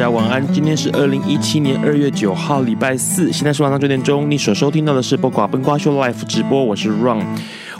大家晚安，今天是二零一七年二月九號，禮拜四，現在是晚上九點鐘。你所收聽到的是播瓜奔瓜秀 Life 直播，我是 Ron。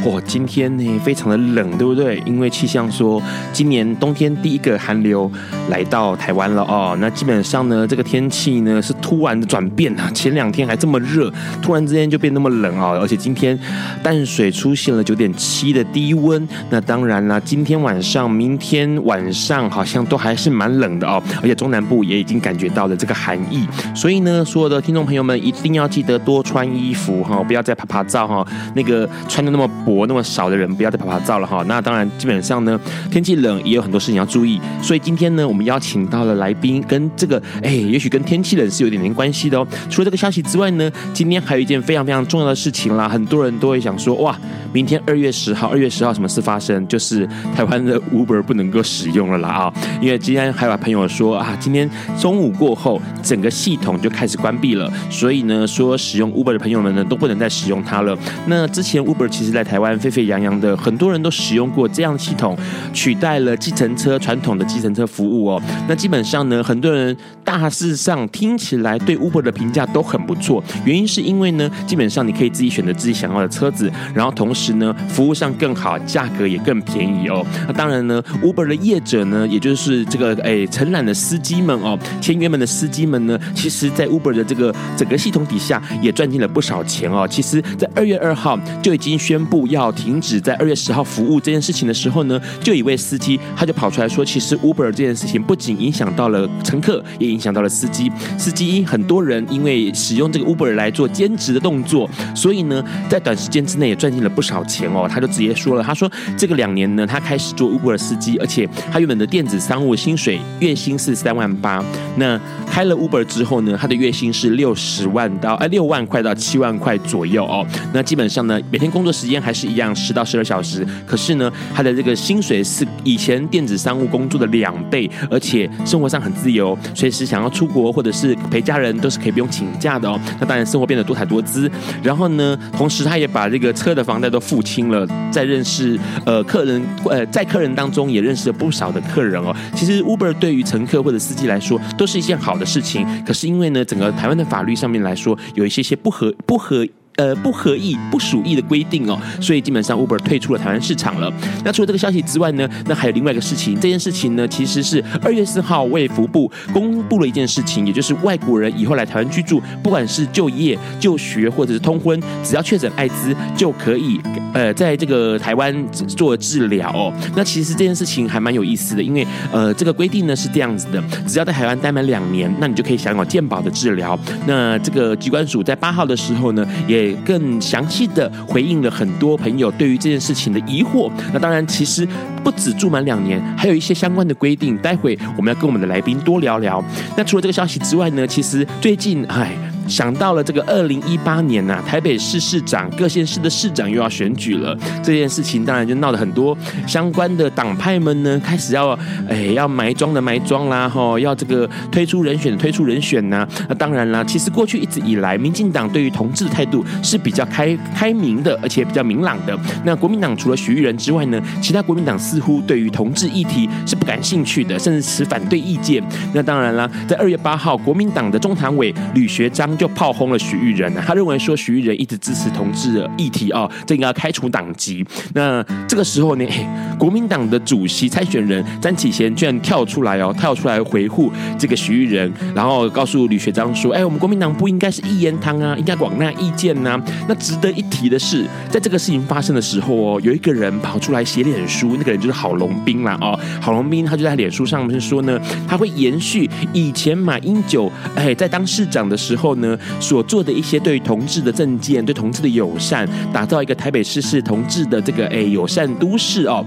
哇，今天呢，非常的冷，對不對？因為氣象說，今年冬天第一個寒流來到台灣了哦。那基本上呢，這個天氣呢是突然的轉變啊。前兩天還這麼熱，突然之間就變那麼冷哦。而且今天淡水出現了九點七的低溫。那當然啦，今天晚上、明天晚上好像都還是蠻冷的哦。而且中南部也已經感覺到了這個寒意。所以呢，所有的聽眾朋友們一定要記得多穿衣服哈，不要再趴趴走哈。那個穿的那麼不。活那麼少的人不要再拍拍照了哈、哦。那當然，基本上呢，天氣冷也有很多事情要注意。所以今天呢，我們邀請到了來賓，跟這個哎，也許跟天氣冷是有點點關係的哦。除了這個消息之外呢，今天還有一件非常非常重要的事情啦。很多人都會想說，哇，明天二月十號，二月十號什麼事發生？就是台灣的 Uber 不能夠使用了啦啊、哦！因為今天還有朋友說啊，今天中午過後，整個系統就開始關閉了，所以呢，說使用 Uber 的朋友們呢，都不能再使用它了。那之前 Uber 其實在台。台灣沸沸揚揚的，很多人都使用過這樣的系統，取代了計程車傳統的計程車服務哦。那基本上呢，很多人大致上聽起來對 Uber 的評價都很不錯，原因是因為呢，基本上你可以自己選擇自己想要的車子，然後同時呢，服務上更好，價格也更便宜哦。那當然呢，Uber 的業者呢，也就是這個誒，承攬的司機們哦，簽約們的司機們呢，其實在 Uber 的這個整個系統底下也賺進了不少錢哦。其實，在二月二號就已經宣布。要停止在二月十號服務這件事情的時候呢，就有一位司機他就跑出來說，其實 Uber 這件事情不僅影響到了乘客，也影響到了司機。司機很多人因為使用這個 Uber 來做兼職的動作，所以呢，在短時間之內也賺進了不少錢哦。他就直接說了，他說這個兩年呢，他開始做 Uber 司機，而且他原本的電子商務薪水月薪是三萬八，那開了 Uber 之後呢，他的月薪是六十萬到哎，六萬塊到七萬塊左右哦。那基本上呢，每天工作時間還是。是一樣十到十二小時，可是呢，他的這個薪水是以前電子商務工作的兩倍，而且生活上很自由，隨時想要出國或者是陪家人都是可以不用請假的哦。那當然，生活變得多彩多姿。然後呢，同時他也把這個車的房貸都付清了，在認識呃客人呃在客人當中也認識了不少的客人哦。其實 Uber 對於乘客或者司機來說都是一件好的事情，可是因為呢，整個台灣的法律上面來說有一些些不合不合。呃，不合意、不屬意的規定哦，所以基本上 Uber 退出了台灣市場了。那除了這個消息之外呢，那還有另外一個事情。這件事情呢，其實是二月四號衛福部公布了一件事情，也就是外國人以後來台灣居住，不管是就業、就學或者是通婚，只要確診艾滋就可以，呃，在這個台灣做治療。哦，那其實這件事情還蠻有意思的，因為呃，這個規定呢是這樣子的，只要在台灣待滿兩年，那你就可以享有健保的治療。那這個疾管署在八號的時候呢，也更詳細地回應了很多朋友對於這件事情的疑惑。那當然，其實不止住滿兩年，還有一些相關的規定。待會我們要跟我們的來賓多聊聊。那除了這個消息之外呢，其實最近唉。想到了這個二零一八年啊，台北市市長、各縣市的市長又要選舉了，這件事情當然就鬧得很多相關的黨派們呢，開始要哎要埋樁的埋樁啦，吼、哦，要這個推出人選的推出人選啊。那當然啦，其實過去一直以來，民進黨對於同志的態度是比較開開明的，而且比較明朗的。那國民黨除了許毓仁之外呢，其他國民黨似乎對於同志議題是不感興趣的，甚至持反對意見。那當然啦，在二月八號，國民黨的中常委呂學樟。就炮轟了徐玉仁啊，他認為說徐玉仁一直支持同志的議題啊、哦，這應該要開除黨籍。那這個時候呢、哎，國民黨的主席參選人詹啟賢居然跳出來哦，跳出來維護這個徐玉仁，然後告訴李學章說：“哎，我們國民黨不應該是一言堂啊，應該廣納意見吶、啊。”那值得一提的是，在這個事情發生的時候哦，有一個人跑出來寫臉書，那個人就是郝龍斌啦。哦。郝龍斌他就在臉書上面說呢，他會延續以前馬英九哎在當市長的時候呢，所做的一些對同志的政見、對同志的友善，打造一個台北市是同志的這個誒友、哎、善都市哦。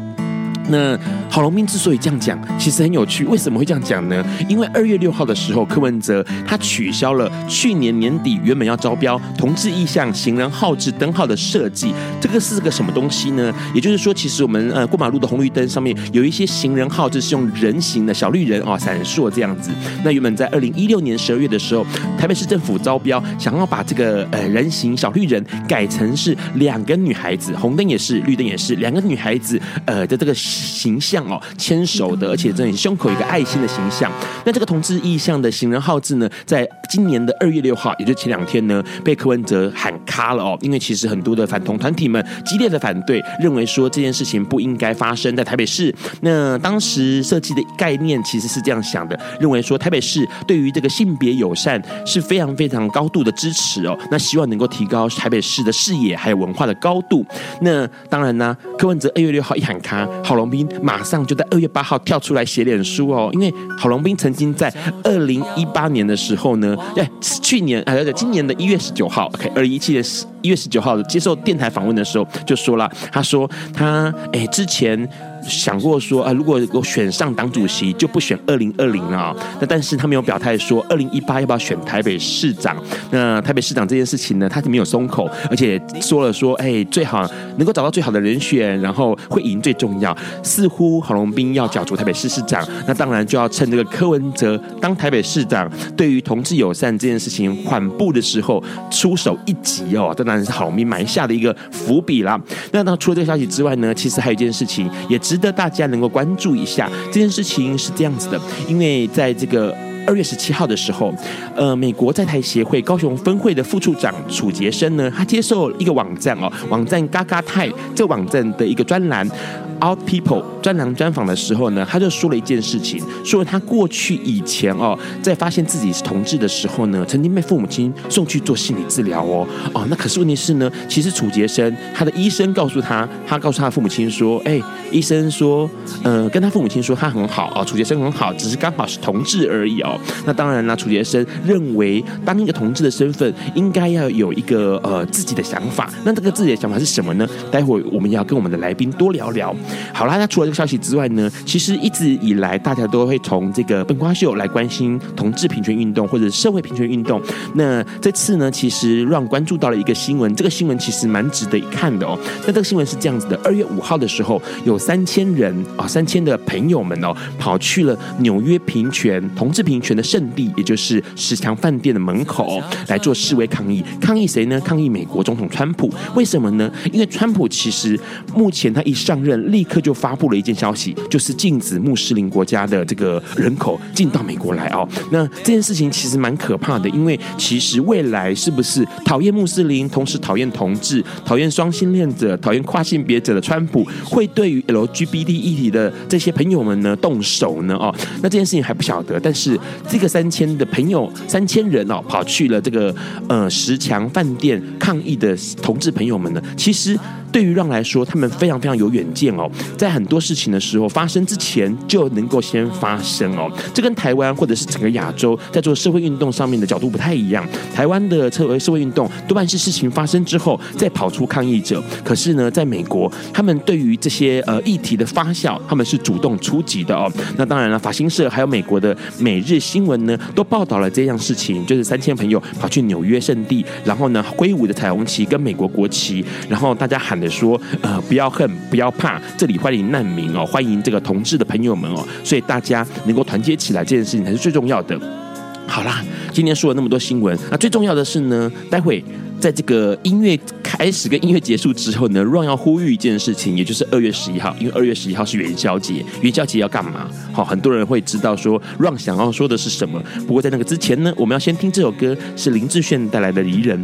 那郝龍斌之所以這樣講，其實很有趣。為什麼會這樣講呢？因為二月六號的時候，柯文哲他取消了去年年底原本要招標同志意象行人號志燈號的設計。這個是個什麼東西呢？也就是說，其實我們呃過馬路的紅綠燈上面有一些行人號誌是用人形的小綠人啊、哦、閃爍這樣子。那原本在二零一六年十二月的時候，台北市政府招標，想要把這個呃人形小綠人改成是兩個女孩子，紅燈也是，綠燈也是兩個女孩子呃的這個。形象哦，牽手的，而且在胸口一個愛心的形象。那這個同志意向的行人號誌呢，在今年的二月六號，也就前兩天呢，被柯文哲喊卡了哦。因為其實很多的反同團體們激烈的反對，認為說，這件事情不應該發生在台北市。那當時設計的概念其實是這樣想的，認為說台北市對於這個性別友善是非常非常高度的支持哦。那希望能夠提高台北市的視野還有文化的高度。那當然呢、啊，柯文哲二月六號一喊卡好了。龍斌馬上就在二月八號跳出來寫臉書哦，因為郝龍斌曾經在二零一八年的時候呢，哎，去年哎，今年的一月十九號，OK，二零一七的一月十九號接受電台訪問的時候就說了，他說他哎之前。想過說啊，如果我選上黨主席，就不選二零二零啊。那但是他沒有表態說二零一八要不要選台北市長。那台北市長這件事情呢，他沒有鬆口，而且說了說，哎，最好能夠找到最好的人選，然後會贏最重要。似乎郝龍斌要角逐台北市市長，那當然就要趁這個柯文哲當台北市長，對於同志友善這件事情緩步的時候出手一擊哦。當然是郝龍斌埋下的一個伏筆啦。那那除了這個消息之外呢，其實還有一件事情也。值得大家能夠關注一下，這件事情是這樣子的，因為在這個二月十七號的時候，呃，美國在台協會高雄分會的副處長楚杰生呢，他接受一個網站哦，網站嘎嘎泰這個網站的一個專欄。Out people 專欄專訪的時候呢，他就說了一件事情，說他過去以前哦，在發現自己是同志的時候呢，曾經被父母親送去做心理治療哦，哦，那可是問題是呢，其實楚傑生他的醫生告訴他，他告訴他的父母親說，哎、欸，醫生說，呃，跟他父母親說他很好哦，楚傑生很好，只是剛好是同志而已哦。那當然啦，楚傑生認為當一個同志的身份應該要有一個呃自己的想法，那這個自己的想法是什麼呢？待會我們要跟我們的來賓多聊聊。好啦，那除了這個消息之外呢，其實一直以來大家都會從這個《本瓜秀》來關心同志平權運動或者社會平權運動。那這次呢，其實 Ron 關注到了一個新聞，這個新聞其實蠻值得一看的哦。那這個新聞是這樣子的：二月五號的時候，有三千人啊，三千的朋友們哦，跑去了紐約平權、同志平權的聖地，也就是石牆飯店的門口來做示威抗議。抗議誰呢？抗議美國總統川普。為什麼呢？因為川普其實目前他一上任。立刻就發布了一件消息，就是禁止穆斯林國家的這個人口進到美國來哦。那這件事情其實蠻可怕的，因為其實未來是不是討厭穆斯林、同時討厭同志、討厭雙性戀者、討厭跨性別者的川普，會對於 LGBT 議題的這些朋友們呢動手呢？哦，那這件事情還不曉得，但是這個三千的朋友，三千人哦，跑去了這個呃石牆飯店抗議的同志朋友們呢，其實。對於讓來說，他們非常非常有遠見哦，在很多事情的時候發生之前就能夠先發生哦。這跟台灣或者是整個亞洲在做社會運動上面的角度不太一樣。台灣的側位社會運動多半是事情發生之後再跑出抗議者，可是呢，在美國，他們對於這些呃議題的發酵，他們是主動出擊的哦。那當然了，法新社還有美國的《每日新聞》呢，都報道了這樣事情，就是三千朋友跑去紐約聖地，然後呢揮舞着彩虹旗跟美國國旗，然後大家喊。說，呃，不要恨，不要怕，這裡歡迎難民哦，歡迎這個同志的朋友們哦，所以大家能夠團結起來，這件事情才是最重要的。好啦，今天說了那麼多新聞，那最重要的是呢，待會在這個音樂開始跟音樂結束之後呢，Ron 要呼籲一件事情，也就是二月十一號，因為二月十一號是元宵節，元宵節要幹嘛？好、哦，很多人會知道說，Ron 想要說的是什麼。不過在那個之前呢，我們要先聽這首歌，是林志炫帶來的《離人》。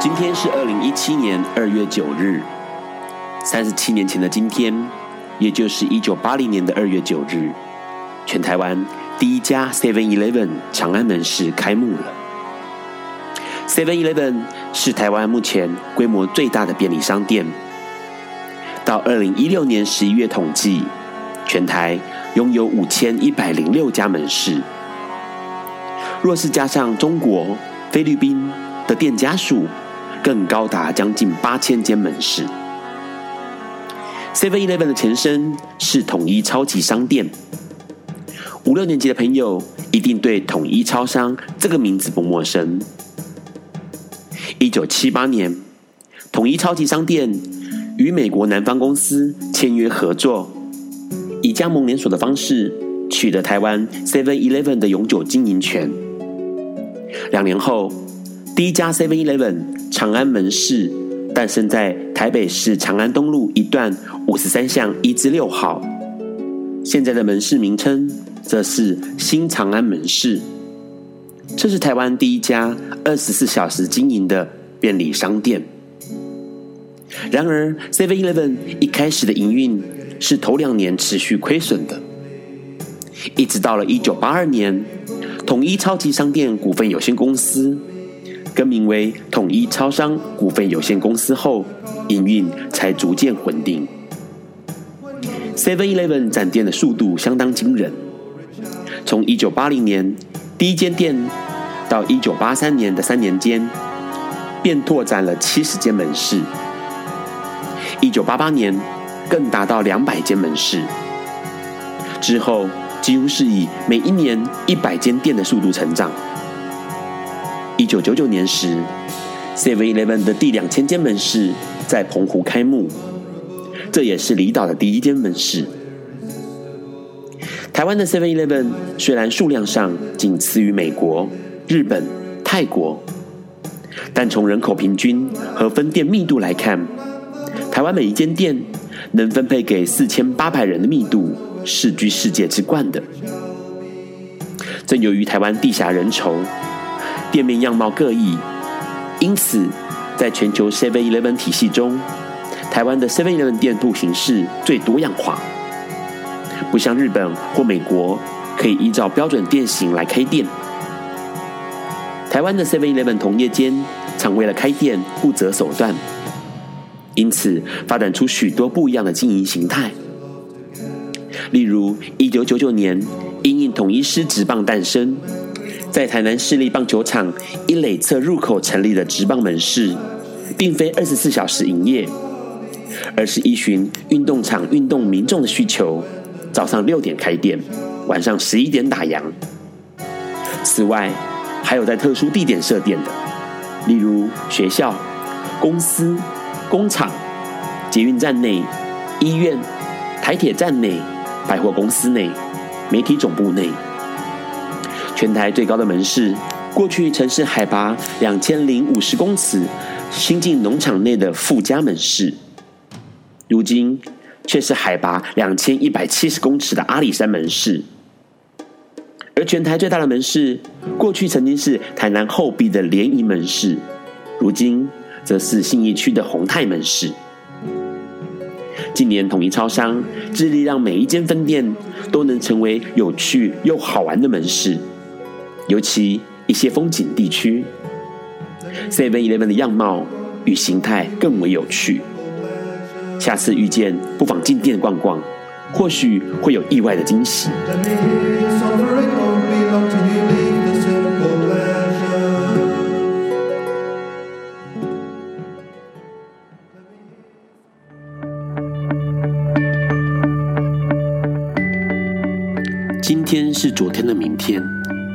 今天是二零一七年二月九日，三十七年前的今天，也就是一九八零年的二月九日，全台灣第一家 Seven Eleven 長安門市開幕了。Seven Eleven 是台灣目前規模最大的便利商店，到二零一六年十一月統計，全台擁有五千一百零六家門市。若是加上中國、菲律賓的店家數，更高達將近八千間門市。Seven Eleven 的前身是統一超級商店，五六年級的朋友一定對統一超商這個名字不陌生。一九七八年，統一超級商店與美國南方公司簽約合作，以加盟連鎖的方式取得台灣 Seven Eleven 的永久經營權。兩年後，第一家 Seven Eleven 長安門市誕生在台北市長安東路一段五十三巷一至六號，現在的門市名稱則是新長安門市。這是台灣第一家二十四小時經營的便利商店。然而，Seven Eleven 一開始的營運是頭兩年持續虧損的，一直到了一九八二年，統一超級商店股份有限公司。更名為統一超商股份有限公司後，營運才逐漸穩定。Seven Eleven 展店的速度相當驚人，從一九八零年第一間店到一九八三年的三年間，便拓展了七十間門市。一九八八年更達到兩百間門市，之後幾乎是以每一年一百間店的速度成長。一九九九年時，Seven Eleven 的第兩千間門市在澎湖開幕，這也是離島的第一間門市。台灣的 Seven Eleven 雖然數量上僅次於美國、日本、泰國，但從人口平均和分店密度來看，台灣每一間店能分配給四千八百人的密度，是居世界之冠的。正由於台灣地狹人稠。店面樣貌各異，因此，在全球 Seven Eleven 體系中，台灣的 Seven Eleven 店鋪形式最多樣化。不像日本或美國，可以依照標準店型來開店。台灣的 Seven Eleven 同業間常為了開店不擇手段，因此發展出許多不一樣的經營形態。例如，一九九九年，因應統一獅職棒誕生。在台南市立棒球場一壘側入口成立的職棒門市，並非二十四小時營業，而是依循運動場運動民眾的需求，早上六點開店，晚上十一點打烊。此外，還有在特殊地點設店的，例如學校、公司、工廠、捷運站內、醫院、台鐵站內、百貨公司內、媒體總部內。全台最高的門市，過去曾是海拔兩千零五十公尺新進農場內的富家門市，如今卻是海拔兩千一百七十公尺的阿里山門市。而全台最大的門市，過去曾經是台南後壁的聯誼門市，如今則是信義區的宏泰門市。近年，統一超商致力讓每一間分店都能成為有趣又好玩的門市。尤其一些風景地區，Seven Eleven 的樣貌與形態更為有趣。下次遇見，不妨進店逛逛，或許會有意外的驚喜。今天是昨天的明天，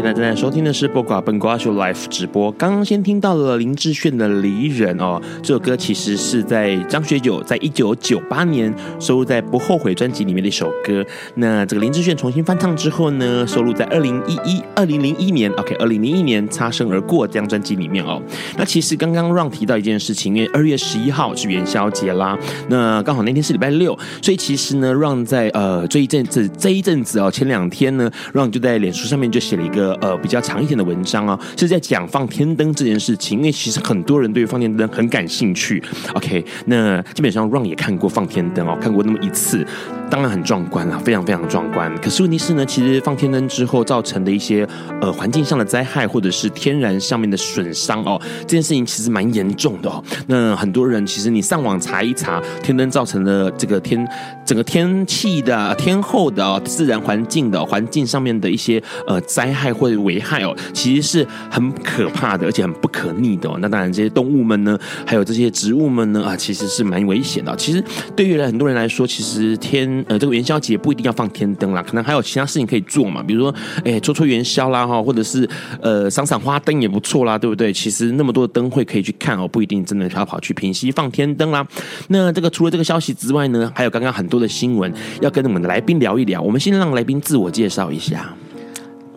現在正在收聽的是《不掛不掛》秀 Life 直播。剛剛先聽到了林志炫的《離人》哦，這首歌其實是在張學友在一九九八年收錄在《不後悔》專輯裡面的一首歌。那這個林志炫重新翻唱之後呢，收錄在二零一一二零零一年，OK，二零零一年《OK, 年擦身而過》這張專輯裡面哦。那其實剛剛 Ron 提到一件事情，因為二月十一號是元宵節啦，那剛好那天是禮拜六，所以其實呢，Ron 在呃這一陣子這一陣子哦，前兩天呢，Ron 就在臉書上面就寫了一個。呃，比較長一點的文章啊，哦，就是在講放天燈這件事情，因為其實很多人對放天燈很感興趣。OK，那基本上 Ron 也看過放天燈哦，看過那麼一次。當然很壯觀啦、啊，非常非常壯觀。可是問題是呢，其實放天燈之後造成的一些呃環境上的災害，或者是天然上面的損傷哦，這件事情其實蠻嚴重的哦。那很多人其實你上網查一查，天燈造成的這個天整個天氣的、呃、天後的、哦、自然環境的、哦、環境上面的一些呃災害或者危害哦，其實是很可怕的，而且很不可逆的、哦。那當然這些動物們呢，還有這些植物們呢啊，其實是蠻危險的、哦。其實對於來很多人來說，其實天呃，這個元宵節不一定要放天燈啦，可能還有其他事情可以做嘛，比如說，哎、欸，搓搓元宵啦哈，或者是呃，賞賞花燈也不錯啦，對不對？其實那麼多燈會可以去看哦，不一定真的要跑去平溪放天燈啦。那這個除了這個消息之外呢，還有剛剛很多的新聞要跟我們的來賓聊一聊，我們先讓來賓自我介紹一下。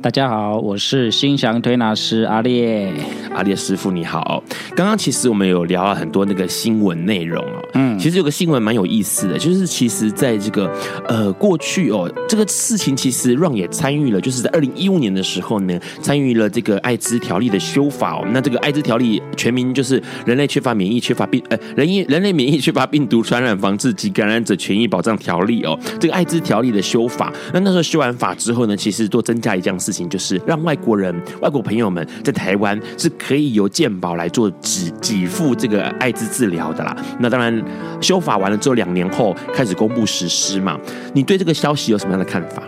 大家好，我是心祥推拿師阿列。阿列師傅你好，剛剛其實我們有聊了很多那個新聞內容哦。嗯，其實有個新聞蠻有意思的，就是其實在這個呃過去哦，這個事情其實 Ron 也參與了，就是在二零一五年的時候呢，參與了這個艾滋條例的修法哦。那這個艾滋條例全名就是《人類缺乏免疫缺乏病呃人因人類免疫缺乏病毒傳染防治及感染者權益保障條例》哦。這個艾滋條例的修法，那那時候修完法之後呢，其實多增加一項事。就是讓外國人、外國朋友們在台灣是可以由健保來做給給付這個艾滋治療的啦。那當然修法完了之後，兩年後開始公布實施嘛。你對這個消息有什麼樣的看法？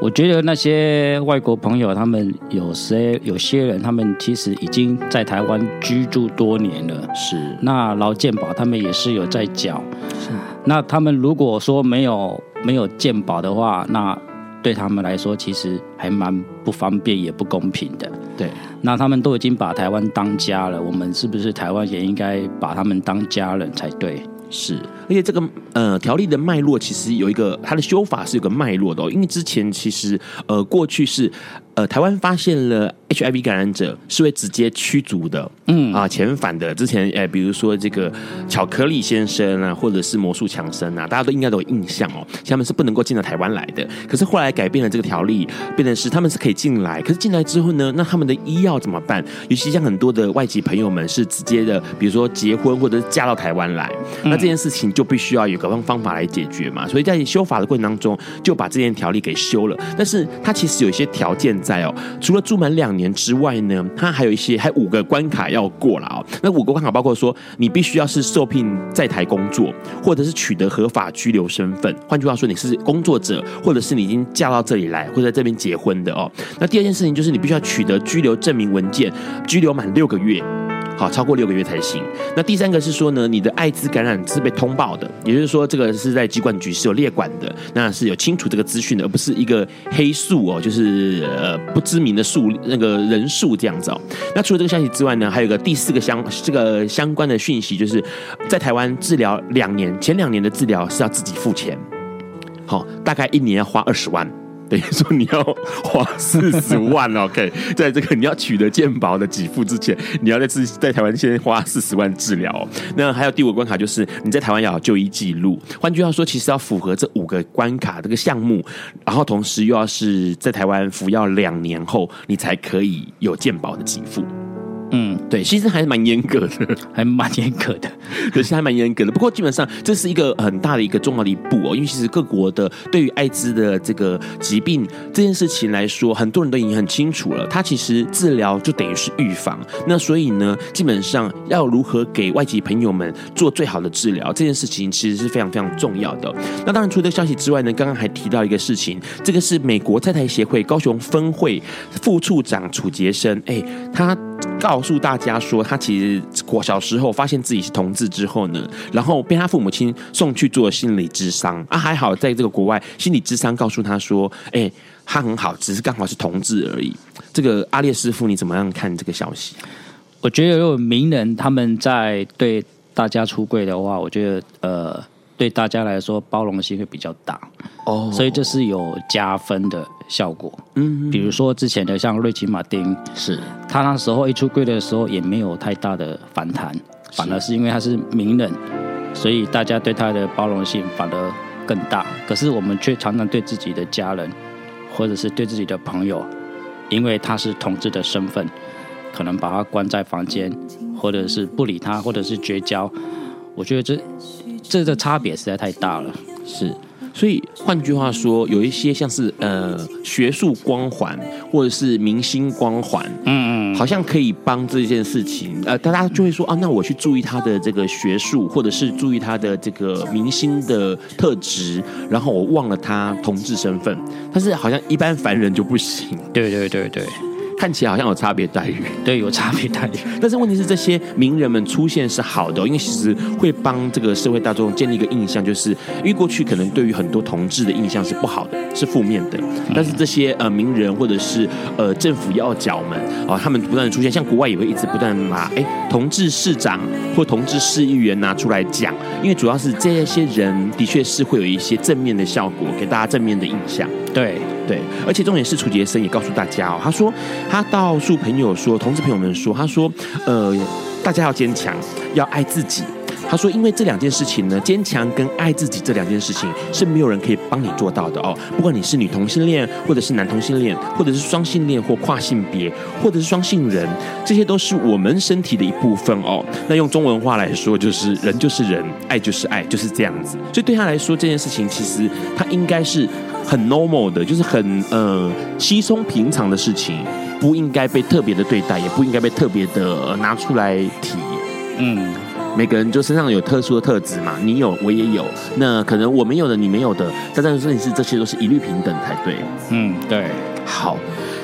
我覺得那些外國朋友，他們有些有些人，他們其實已經在台灣居住多年了。是那勞健保，他們也是有在繳。那他們如果說沒有沒有健保的話，那對他們來說，其實還蠻不方便，也不公平的。對，那他們都已經把台灣當家了，我們是不是台灣也應該把他們當家人才對？是，而且這個呃條例的脈絡其實有一個它的修法是有一個脈絡的哦，因為之前其實呃過去是。呃，台灣發現了 HIV 感染者是會直接驅逐的，嗯啊，遣返的。之前，哎、呃，比如說這個巧克力先生啊，或者是魔術強生啊，大家都應該都有印象哦。他們是不能夠進到台灣來的。可是後來改變了這個條例，變成是他們是可以進來。可是進來之後呢，那他們的醫藥怎麼辦？尤其像很多的外籍朋友們是直接的，比如說結婚或者是嫁到台灣來，那這件事情就必須要有個方方法來解決嘛。所以在修法的過程當中，就把這件條例給修了。但是它其實有一些條件。在哦，除了住滿兩年之外呢，他還有一些，還有五個關卡要過了哦。那五個關卡包括說，你必須要是受聘在台工作，或者是取得合法居留身份。換句話說，你是工作者，或者是你已經嫁到這裡來，或者在這邊結婚的哦。那第二件事情就是，你必須要取得居留證明文件，居留滿六個月。好，超過六個月才行。那第三個是說呢，你的艾滋感染是被通報的，也就是說，這個是在疾管局是有列管的，那是有清楚這個資訊的，而不是一個黑數哦，就是呃不知名的數那個人數這樣子哦。那除了這個消息之外呢，還有個第四個相這個相關的訊息，就是在台灣治療兩年，前兩年的治療是要自己付錢，好，哦，大概一年要花二十萬。等於說你要花四十萬 ，OK，在這個你要取得健保的給付之前，你要在在台灣先花四十萬治療。那還有第五個關卡，就是你在台灣要有就醫記錄。換句話說，其實要符合這五個關卡這個項目，然後同時又要是在台灣服藥兩年後，你才可以有健保的給付。嗯，對，其實還是蠻嚴格的還，還蠻嚴格的，可是還蠻嚴格的。不過基本上這是一個很大的一個重要的一步哦，因為其實各國的對於艾滋的這個疾病這件事情來說，很多人都已經很清楚了。它其實治療就等於是預防，那所以呢，基本上要如何給外籍朋友們做最好的治療這件事情，其實是非常非常重要的。那當然，除了這個消息之外呢，剛剛還提到一個事情，這個是美國在台協會高雄分會副處長楚杰生，哎，他。告訴大家說，他其實小時候發現自己是同志之後呢，然後被他父母親送去做心理諮商啊，還好在這個國外心理諮商告訴他說，哎、欸，他很好，只是剛好是同志而已。這個阿列師傅，你怎麼樣看這個消息？我覺得如果名人他們在對大家出櫃的話，我覺得呃。對大家來說，包容性會比較大哦，Oh. 所以這是有加分的效果。嗯，嗯，比如說之前的像瑞奇·馬丁，是他那時候一出櫃的時候也沒有太大的反彈，反而是因為他是名人，所以大家對他的包容性反而更大。可是我們卻常常對自己的家人或者是對自己的朋友，因為他是同志的身份，可能把他關在房間，或者是不理他，或者是絕交。我覺得這。這個差別實在太大了，是。所以換句話說，有一些像是呃學術光環或者是明星光環，嗯嗯，好像可以幫這件事情，呃，大家就會說啊，那我去注意他的這個學術，或者是注意他的這個明星的特質，然後我忘了他同志身份，但是好像一般凡人就不行。對對對對，對。看起來好像有差別待遇，對，有差別待遇。但是問題是，這些名人們出現是好的、哦，因為其實會幫這個社會大眾建立一個印象，就是因為過去可能對於很多同志的印象是不好的，是負面的、嗯。但是這些呃名人或者是呃政府要角們啊，他們不斷的出現，像國外也會一直不斷的拿哎同志市長或同志市議員拿出來講，因為主要是這些人的確是會有一些正面的效果，給大家正面的印象。對。對，而且重點是楚傑生也告訴大家哦，他說他告訴朋友說，同志、朋友們說，他說，呃，大家要堅強，要愛自己。他說，因為這兩件事情呢，堅強跟愛自己這兩件事情是沒有人可以幫你做到的哦。不管你是女同性戀，或者是男同性戀，或者是雙性戀或跨性別，或者是雙性人，這些都是我們身體的一部分哦。那用中文話來說，就是人就是人，愛就是愛，就是這樣子。所以對他來說，這件事情其實他應該是。很 normal 的，就是很呃稀鬆平常的事情，不應該被特別的對待，也不應該被特別的、呃、拿出來提。嗯，每個人就身上有特殊的特質嘛，你有，我也有。那可能我沒有的，你沒有的，但但是，這些都是一律平等才對。嗯，對。好，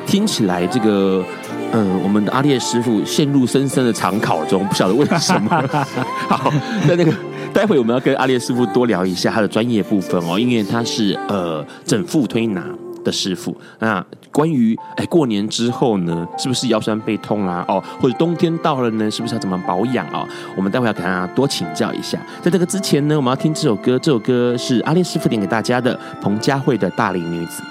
聽起來這個呃，我們的阿列師傅陷入深深的長考中，不曉得為什麼。 好，那那個。 待會我們要跟阿列師傅多聊一下他的專業部分哦，因為他是呃整復推拿。的師傅，那關於哎、欸，過年之後呢，是不是腰痠背痛啊？哦，或者冬天到了呢，是不是要怎麼保養啊、哦？我們待會要給大家多請教一下。在這個之前呢，我們要聽這首歌，這首歌是阿列師傅點給大家的彭佳慧的《大齡女子》。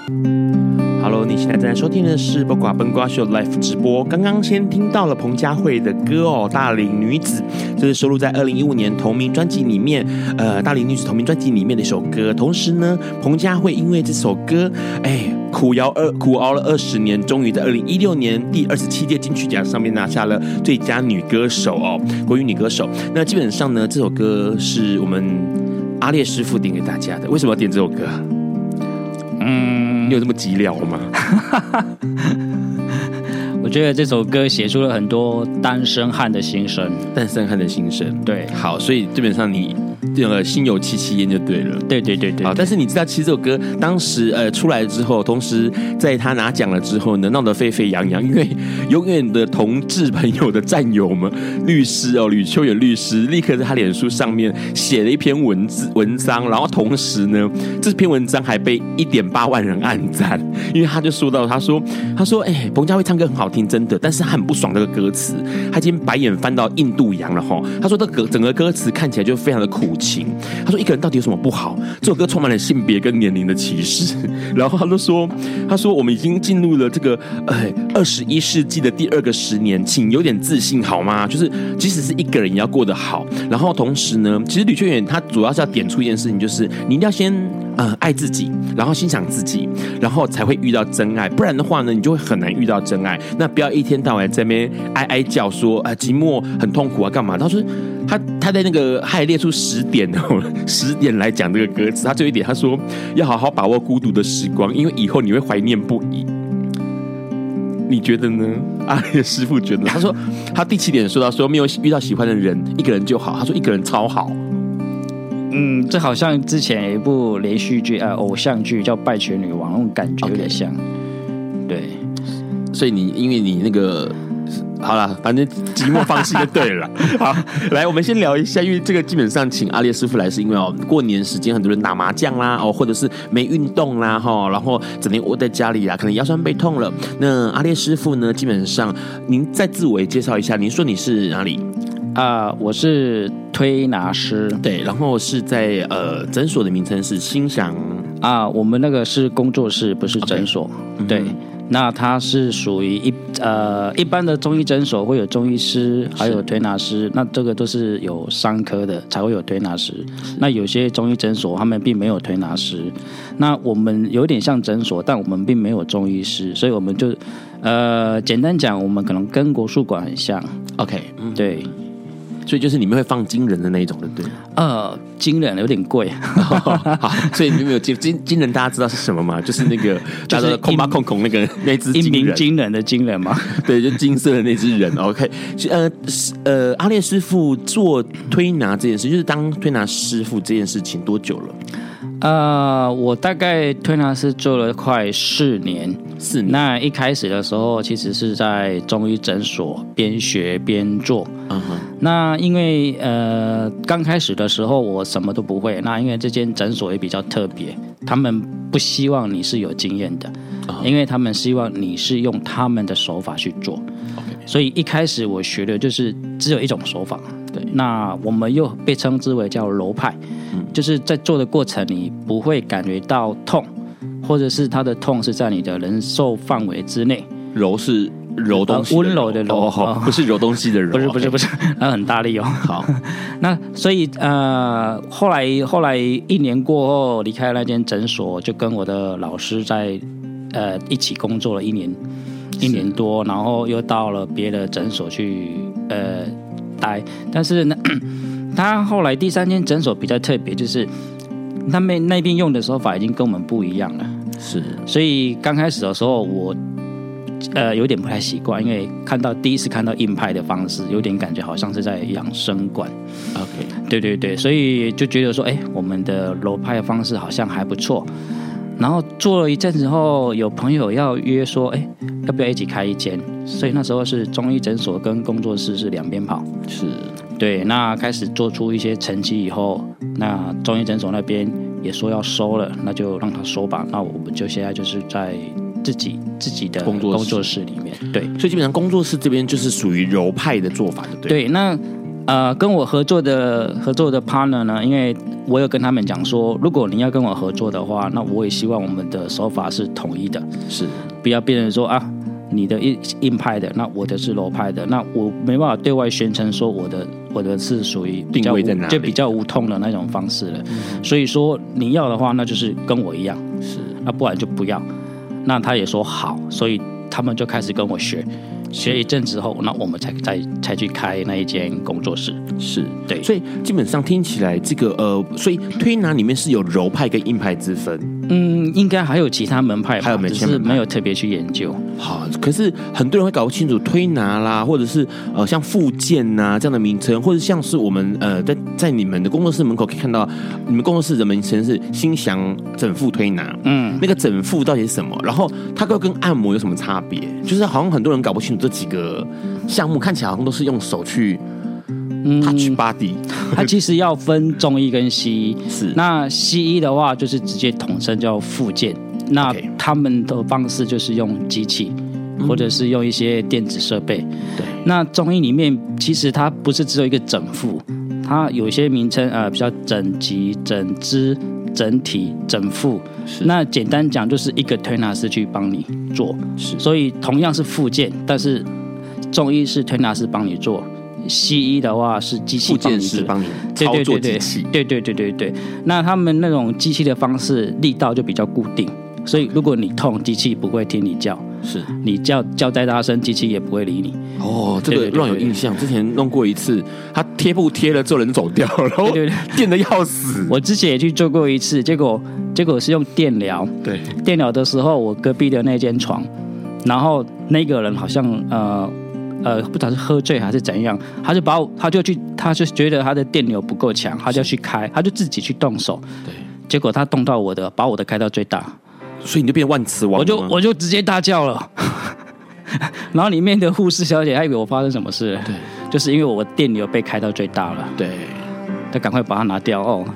Hello，你現在正在收聽的是不掛不掛 show life 直播。剛剛先聽到了彭佳慧的歌哦，《大齡女子》就，這是收錄在二零一五年同名專輯裡面。呃，《大齡女子》同名專輯裡面的一首歌。同時呢，彭佳慧因為這首歌，哎、欸。苦熬二苦熬了二十年，終於在二零一六年第二十七屆金曲獎上面拿下了最佳女歌手哦，國語女歌手。那基本上呢，這首歌是我們阿列師傅點給大家的。為什麼要點這首歌？嗯，你有這麼急了嗎？ 我覺得這首歌寫出了很多單身漢的心聲，單身漢的心聲。對，好，所以基本上你。那個心有戚戚焉就對了，對對對對，對。啊，但是你知道，其實這首歌當時呃出來之後，同時在他拿獎了之後呢，鬧得沸沸揚揚。因為永遠的同志朋友的戰友們律師哦，呂秋遠律師立刻在他臉書上面寫了一篇文字文章，然後同時呢，這篇文章還被一點八萬人按讚，因為他就說到他說他說哎、欸，彭佳慧，唱歌很好聽，真的，但是他很不爽這個歌詞，他已經白眼翻到印度洋了哈。他說，這歌整個歌詞看起來就非常的苦情，他說一個人到底有什麼不好？這首歌充滿了性別跟年齡的歧視。然後他就說，他說我們已經進入了這個呃二十一世紀的第二個十年，請有點自信好嗎？就是即使是一個人也要過得好。然後同時呢，其實呂秋遠他主要是要點出一件事情，就是你一定要先呃愛自己，然後欣賞自己，然後才會遇到真愛。不然的話呢，你就會很難遇到真愛。那不要一天到晚在那邊哀哀叫說啊、呃、寂寞很痛苦啊幹嘛？他說他。他在那個，他也列出十點哦，十點來講這個歌詞。他最後一點，他說要好好把握孤獨的時光，因為以後你會懷念不已。你覺得呢？阿、啊、列師傅覺得呢，他說他第七點說到說沒有遇到喜歡的人，一個人就好。他說一個人超好。嗯，這好像之前有一部連續劇，啊、呃，偶像劇叫《敗犬女王》，那種感覺有點像。Okay. 對，所以你因為你那個。好了，反正寂寞放肆就對了。 好，來，我們先聊一下，因為這個基本上請阿列師傅來，是因為哦、喔，過年時間很多人打麻將啦，哦、喔，或者是沒運動啦，哈、喔，然後整天窩在家裡啊，可能腰酸背痛了。那阿列師傅呢，基本上您再自我介紹一下，您說你是哪裡？啊、呃，我是推拿師，對，然後是在呃診所的名稱是心祥啊，我們那個是工作室，不是診所，okay. 嗯，對。那他是屬於一呃一般的中醫診所會有中醫師，還有推拿師，那這個都是有傷科的才會有推拿師。那有些中醫診所他們並沒有推拿師，那我們有點像診所，但我們並沒有中醫師，所以我們就呃簡單講，我們可能跟國術館很像。OK，嗯，對。所以就是裡面會放金人的那一種的，對不對？呃，金人有點貴、 哦，好，所以沒有金金金人，人大家知道是什麼嗎？就是那個叫做 空巴空空那個那只一鳴驚人。一鳴驚人的金人嗎？ 對，就金色的那隻人。 OK，呃呃，阿、啊、列師傅做推拿這件事，就是當推拿師傅這件事情多久了？呃，我大概推拿是做了快四年。是。那一開始的時候，其實是在中醫診所邊學邊做。嗯哼。那因為呃，剛開始的時候我什麼都不會。那因為這間診所也比較特別，他們不希望你是有經驗的，嗯哼，因為他們希望你是用他們的手法去做。Okay. 所以一開始我學的就是只有一種手法。對，那我們又被稱之為叫柔派，嗯、就是在做的過程，你不會感覺到痛，或者是他的痛是在你的忍受範圍之內。柔是柔東西的柔，溫、啊、柔的柔，哦哦哦，哦，不是柔東西的柔， 不是不是不是，那很大力哦。 好，那所以呃，後來後來一年過後，離開那間診所，就跟我的老師在呃一起工作了一年一年多，然後又到了別的診所去、嗯、呃。但是呢，他後來第三間診所比較特別，就是他們那邊用的手法已經跟我們不一樣了。是，所以剛開始的時候我，我呃有點不太習慣，因為看到第一次看到硬派的方式，有點感覺好像是在養生館。OK，對對對，所以就覺得說，誒，我們的柔派的方式好像還不錯。然後做了一陣子後，有朋友要約說：“誒，要不要一起開一間？”所以那時候是中醫診所跟工作室是兩邊跑，是。對，那開始做出一些成績以後，那中醫診所那邊也說要收了，那就讓他收吧。那我們就現在就是在自己自己的工作工作室裡面。對，所以基本上工作室這邊就是屬於柔派的做法，對不對？對，那。呃，跟我合作的、合作的 partner 呢，因為我有跟他們講說，如果你要跟我合作的話，那我也希望我們的手法是統一的，是不要別人說啊，你的硬硬派的，那我的是柔派的，那我沒辦法對外宣稱說我的我的是屬於定位在哪，就比較無痛的那種方式了。嗯、所以說你要的話，那就是跟我一樣，是，那不然就不要。那他也說好，所以他們就開始跟我學。學一陣子後，那我們才才才去開那一間工作室。是，對，所以基本上聽起來，這個呃，所以推拿裡面是有柔派跟硬派之分。嗯，應該還有其他門派，還門派，就有、是、沒有特別去研究。好，可是很多人會搞不清楚推拿啦，或者是呃像復健吶、啊、這樣的名稱，或者像是我們呃在在你們的工作室門口可以看到，你們工作室的名稱是心祥整復推拿。嗯，那個整復到底是什麼？然後它跟跟按摩有什麼差別？就是好像很多人搞不清楚這幾個項目，看起來好像都是用手去。嗯，他去巴迪， 他其實要分中醫跟西醫。是，那西醫的話就是直接統稱叫復健，那他們的方式就是用機器、嗯、或者是用一些電子設備。對。那中醫裡面其實它不是只有一個整復，它有一些名稱啊、呃，比較整脊整肢、整體、整復，是。那簡單講就是一個推拿師去幫你做。是。所以同樣是復健，但是中醫是推拿師幫你做。西醫的話是機器幫你，對對對對對，對對對對對。那他們那種機器的方式，力道就比較固定，所以如果你痛，機器不會聽你叫，是你叫叫再大聲，機器也不會理你。哦，這個亂有印象，對對對對，之前弄過一次，他貼不貼了，人就人走掉了，對，電得要死。我之前也去做過一次，結果結果是用電療，對，電療的時候，我隔壁的那間床，然後那個人好像呃。呃，不知道是喝醉還是怎樣，他就把我，他就去，他就覺得他的電流不夠強，他就要去開，他就自己去動手。對，結果他動到我的，把我的開到最大，所以你就變萬磁王。我就我就直接大叫了， 然後裡面的護士小姐還以為我發生什麼事，對，就是因為我的電流被開到最大了，對，他趕快把它拿掉哦。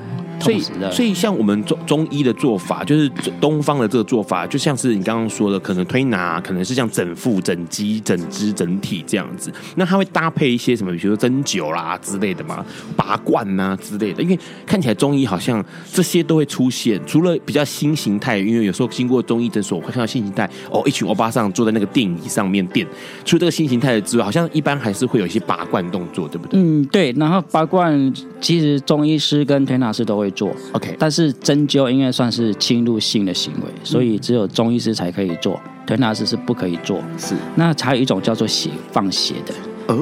所以，所以像我們中中醫的做法，就是東方的這個做法，就像是你剛剛說的，可能推拿，可能是像整復、整脊、整肢、整體這樣子。那它會搭配一些什麼，比如說針灸啦之類的嘛，拔罐、吶、啊、之類的。因為看起來中醫好像這些都會出現。除了比較新形態，因為有時候經過中醫診所，我會看到新形態，哦，一群歐巴桑坐在那個電椅上面電。除了這個新形態的之外，好像一般還是會有一些拔罐動作，對不對？嗯，對。然後拔罐，其實中醫師跟推拿師都會。做 OK，但是針灸應該算是侵入性的行為，所以只有中醫師才可以做，推拿師是不可以做。是，那還有一種叫做血放血的，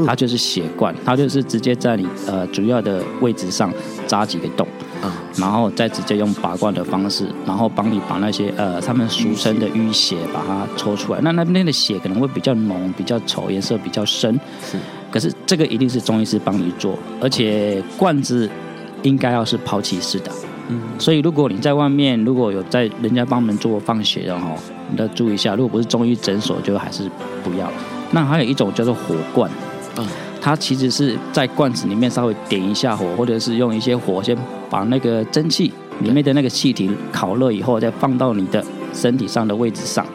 它就是血罐，它就是直接在你呃主要的位置上扎幾個洞，嗯，然後再直接用拔罐的方式，然後幫你把那些呃他們俗稱的淤血把它抽出來。那那邊的血可能會比較濃、比較稠，顏色比較深。是，可是這個一定是中醫師幫你做，而且罐子應該要是拋棄式的，嗯，所以如果你在外面，如果有在人家幫忙做放血的話，你都要注意一下，如果不是中醫診所就還是不要。那還有一種叫做火罐，嗯，它其實是在罐子裡面稍微點一下火，或者是用一些火先把那個蒸汽裡面的那個氣體烤熱以後再放到你的身體上的位置上，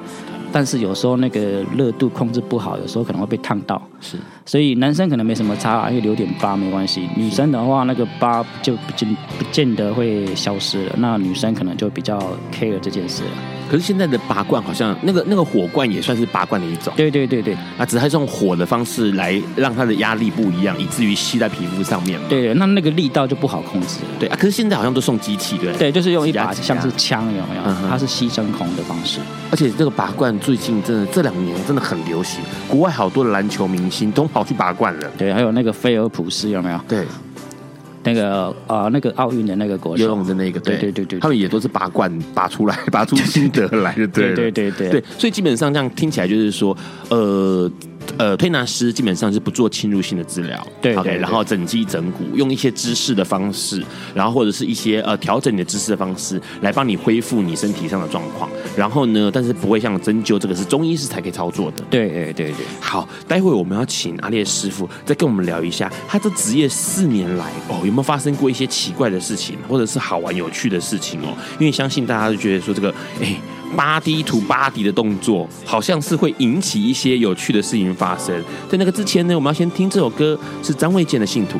但是有時候那個熱度控制不好，有時候可能會被燙到，是。所以男生可能沒什麼差、啊，會留點疤沒關係。女生的話，那個疤就不見不見得會消失了。那女生可能就比較 care 這件事了。可是現在的拔罐好像那個那個火罐也算是拔罐的一種，對對對對，啊，只是，它是用火的方式來讓它的壓力不一樣，以至於吸在皮膚上面嘛。對，那那個力道就不好控制了。對啊，可是現在好像都送機器，對，對，就是用一把、啊啊、像是槍有沒有？它是吸真空的方式。嗯、而且這個拔罐最近真的這兩年真的很流行，國外好多籃球明星都哦，去拔罐了。對，還有那個菲爾普斯有沒有？對，那個啊、呃，那個奧運的那個國手游泳的那個，對對對對，對，他們也都是拔罐拔出來，拔出心得來的對對對對對，對，對，所以基本上這樣聽起來就是說，呃呃，推拿師基本上是不做侵入性的治療，對。OK，對對對然後整肌整骨，用一些姿勢的方式，然後或者是一些呃調整你的姿勢的方式來幫你恢復你身體上的狀況。然後呢，但是不會像針灸，這個是中醫師才可以操作的。對，對，對，對。好，待會我們要請阿列師傅再跟我們聊一下，他這職業四年來哦，有沒有發生過一些奇怪的事情，或者是好玩有趣的事情哦？因為相信大家都覺得說，這個哎，Body to Body 的動作，好像是會引起一些有趣的事情發生。在那個之前呢，我們要先聽這首歌，是張衛健的《信徒》。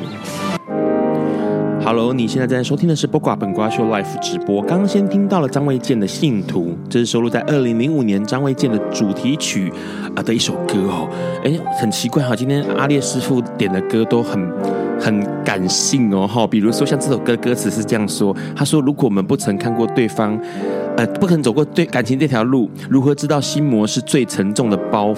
哈嘍，你現在正在收聽的是《波掛本掛秀 Life》直播。剛剛先聽到了張衛健的《信徒》，這是收錄在二零零五年張衛健的主題曲啊的一首歌哦。誒、欸，很奇怪哈、哦，今天阿列師傅點的歌都很。很感性哦，哈！比如說像這首歌歌詞是這樣說：“他說，如果我們不曾看過對方，呃，不曾走過對感情這條路，如何知道心魔是最沉重的包袱？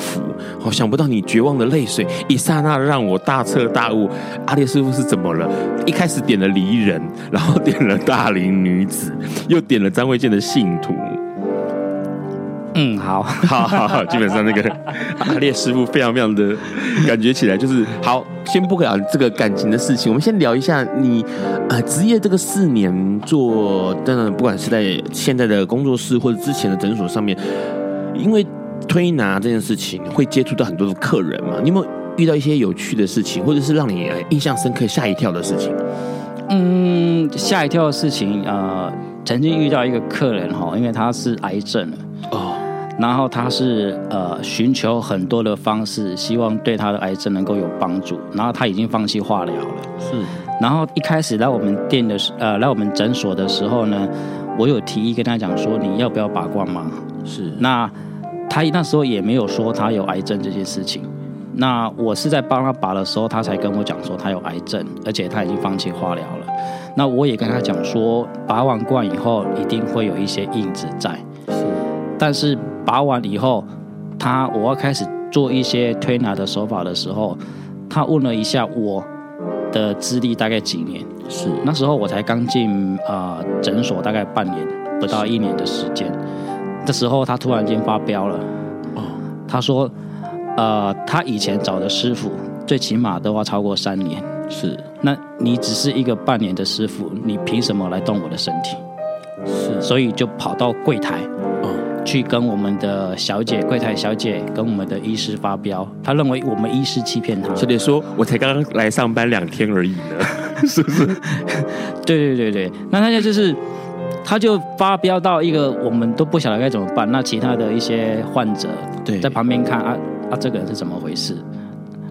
好、哦、想不到你絕望的淚水，一剎那讓我大徹大悟。”阿列師傅是怎麼了？一開始點了《離人》，然後點了《大齡女子》，又點了張衛健的《信徒》。嗯，好， 好好好好，基本上那個 阿列師傅非常非常的，感覺起來就是好。先不聊這個感情的事情，我們先聊一下你呃職業這個四年做，真的不管是在現在的工作室或者之前的診所上面，因為推拿這件事情會接觸到很多的客人嘛，你有沒有遇到一些有趣的事情，或者是讓你印象深刻嚇一跳的事情？嗯，嚇一跳的事情，呃，曾經遇到一個客人哈，因為他是癌症哦。然後他是呃尋求很多的方式，希望對他的癌症能夠有幫助。然後他已經放棄化療了。是。然後一開始來我們店的時，呃來我們診所的時候呢，我有提議跟他講說，你要不要拔罐嗎？是。那他那時候也沒有說他有癌症這件事情。那我是在幫他拔的時候，他才跟我講說他有癌症，而且他已經放棄化療了。那我也跟他講說，嗯、拔完罐以後一定會有一些印子在。是。但是。拔完以後，他我要開始做一些推拿的手法的時候，他問了一下我的資歷大概幾年？是，那時候我才剛進啊、呃、診所大概半年，不到一年的時間。這時候他突然間發飆了，哦，他說，呃，他以前找的師傅最起碼都要超過三年，是，那你只是一個半年的師傅，你憑什麼來動我的身體？是，所以就跑到櫃檯。去跟我們的小姐、櫃檯小姐跟我們的醫師發飆，他認為我們醫師欺騙他。嗯。所以說：“我才剛剛來上班兩天而已呢。 是不是？”對對對對，那大家就是，他就發飆到一個我們都不曉得該怎麼辦。那其他的一些患者對在旁邊看啊啊，這個人是怎麼回事？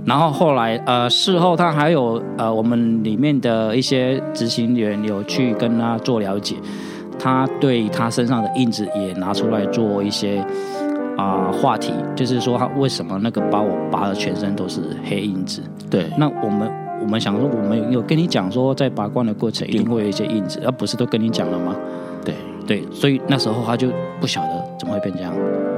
然後後來呃，事後他還有呃，我們裡面的一些執行員有去跟他做了解。他對他身上的印子也拿出來做一些啊、呃、話題，就是說他為什麼那個把我拔的全身都是黑印子？對，那我們我們想說，我們有跟你講說，在拔罐的過程一定會有一些印子，而、啊、不是都跟你講了嗎？對對，所以那時候他就不曉得怎麼會變這樣。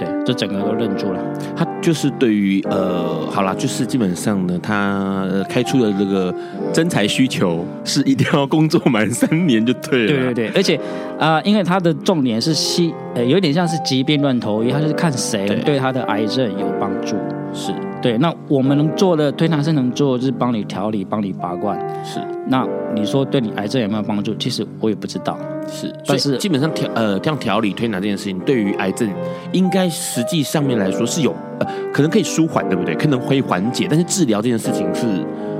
對，就整個都愣住了。他就是對於呃，好啦，就是基本上呢，他開出的這個徵才需求是一定要工作滿三年就對了。對對對，而且啊、呃，因為他的重點是西，呃，有點像是急病亂投醫，他就是看誰對他的癌症有幫助，啊、是。對，那我們能做的推拿是能做，就是幫你調理，幫你拔罐。是，那你說對你癌症有沒有幫助？其實我也不知道。是，但是所以基本上調呃像調理推拿這件事情，對於癌症應該實際上面來說是有呃可能可以舒緩，對不對？可能會緩解，但是治療這件事情是。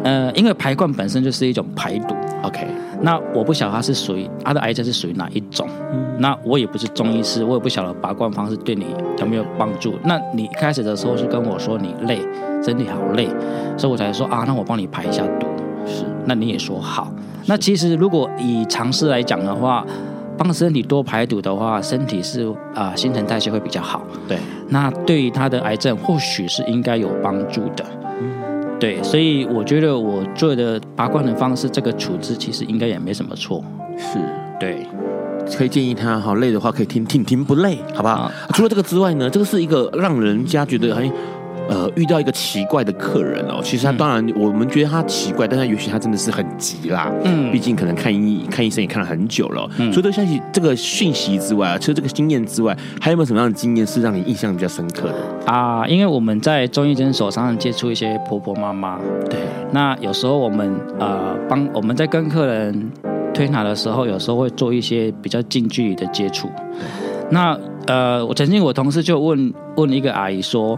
呃，因為排罐本身就是一種排毒，OK。那我不曉得他是屬於它的癌症是屬於哪一種。嗯，那我也不是中醫師，我也不曉得拔罐方式對你有沒有幫助。那你一開始的時候是跟我說你累，身體好累，所以我才說啊，那我幫你排一下毒。是，那你也說好。那其實如果以常識來講的話，幫身體多排毒的話，身體是啊、呃，新陳代謝會比較好。對。那對於他的癌症，或許是應該有幫助的。對，所以我覺得我做的拔罐的方式，這個處置其實應該也沒什麼錯。是，對，可以建議他好累的話可以停停停，不累，好不好？好，啊，除了這個之外呢，這個是一個讓人家覺得很。嗯呃，遇到一個奇怪的客人哦，其實他當然我們覺得他奇怪，嗯、但他也許他真的是很急啦。嗯，畢竟可能看醫看醫生也看了很久了、哦嗯，所以都相信這個訊息之外啊，除了這個經驗之外，還有沒有什麼樣的經驗是讓你印象比較深刻的啊、呃？因為我們在中醫診所常常接觸一些婆婆媽媽，對，那有時候我們呃幫我們在跟客人推拿的時候，有時候會做一些比較近距離的接觸。嗯、那呃，我曾經我同事就問問一個阿姨說。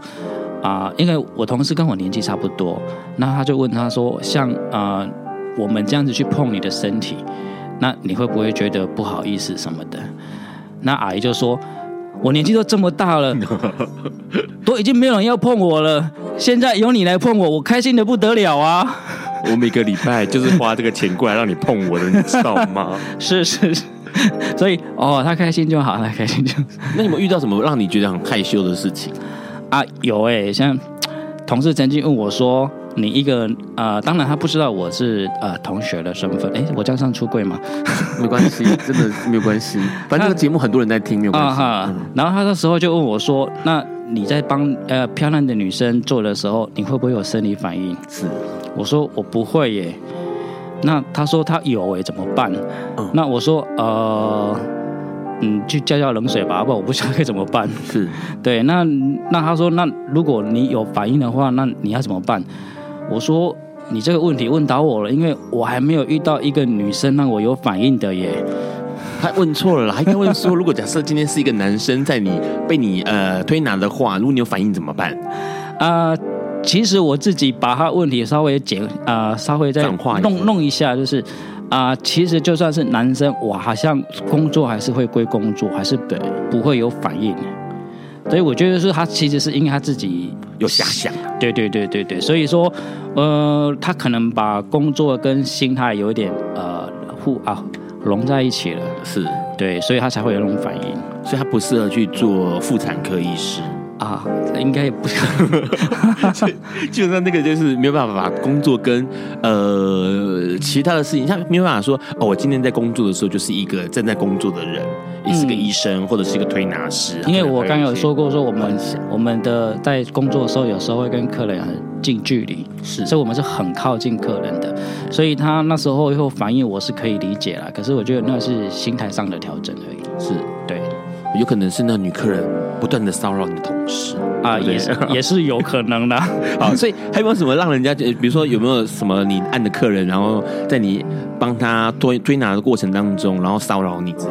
啊、呃，因為我同事跟我年紀差不多，那他就問他說：“像啊、呃，我們這樣子去碰你的身體，那你會不會覺得不好意思什麼的？”那阿姨就說：“我年紀都這麼大了，都已經沒有人要碰我了，現在由你來碰我，我開心得不得了啊！”我每個禮拜就是花這個錢過來讓你碰我的，你知道嗎？ 是是是，所以哦，他開心就好，他開心就好。 那你們遇到什麼讓你覺得很害羞的事情？啊，有哎、欸，像同事曾經問我說：“你一個呃，當然他不知道我是呃同學的身份，哎、欸，我叫上出櫃嘛，沒關係，真的沒有關係。 反正這個節目很多人在聽，啊、沒有關係、啊嗯。然後他那時候就問我說：‘那你在幫呃漂亮的女生做的時候，你會不會有生理反應？’是，我說我不會耶、欸。那他說他有哎、欸，怎麼辦？嗯、那我說呃。嗯”嗯，去澆澆冷水吧，不，我不知道該怎麼辦。是對，那那他說，那如果你有反應的話，那你要怎麼辦？我說，你這個問題問倒我了，因為我還沒有遇到一個女生讓我有反應的耶。他問錯了，還應該問說， 如果假設今天是一個男生在你被你呃推拿的話，如果你有反應怎麼辦？啊、呃，其實我自己把他問題稍微解啊、呃，稍微再弄一弄，弄一下，就是。啊、呃，其實就算是男生，我好像工作還是會歸工作，還是不不會有反應。所以我覺得是他其實是因為他自己有遐想，對對對對對。所以說，呃，他可能把工作跟心態有一點呃互啊融在一起了，是對，所以他才會有那種反應，所以他不適合去做婦產科醫師。啊，應該也不是。 基本上那個就是沒有辦法把工作跟呃其他的事情，像沒有辦法說哦，我今天在工作的時候就是一個正在工作的人，嗯、也是個醫生或者是一個推拿師。因為我剛剛有說過，說我們我們的在工作的時候，有時候會跟客人很近距離，是，所以我們是很靠近客人的，所以他那時候以後反應我是可以理解了。可是我覺得那是心態上的調整而已，是對，有可能是那女客人。不斷的騷擾你的同事啊，對對，也是也是有可能的。 好，所以有沒 有什麼讓人家，比如說有沒有什麼你按的客人，然後在你幫他推推拿的過程當中，然後騷擾你之類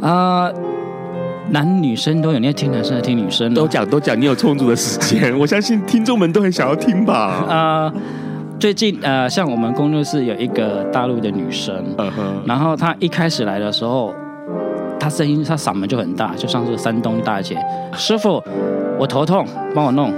的？啊、呃，男女生都有，你要聽男生還是聽女生？都講都講，你有充足的時間， 我相信聽眾們都很想要聽吧。啊、呃，最近呃，像我們工作室有一個大陸的女生， 然後她一開始來的時候，他聲音，他嗓門就很大，就像是山東大姐。師傅，我頭痛，幫我弄。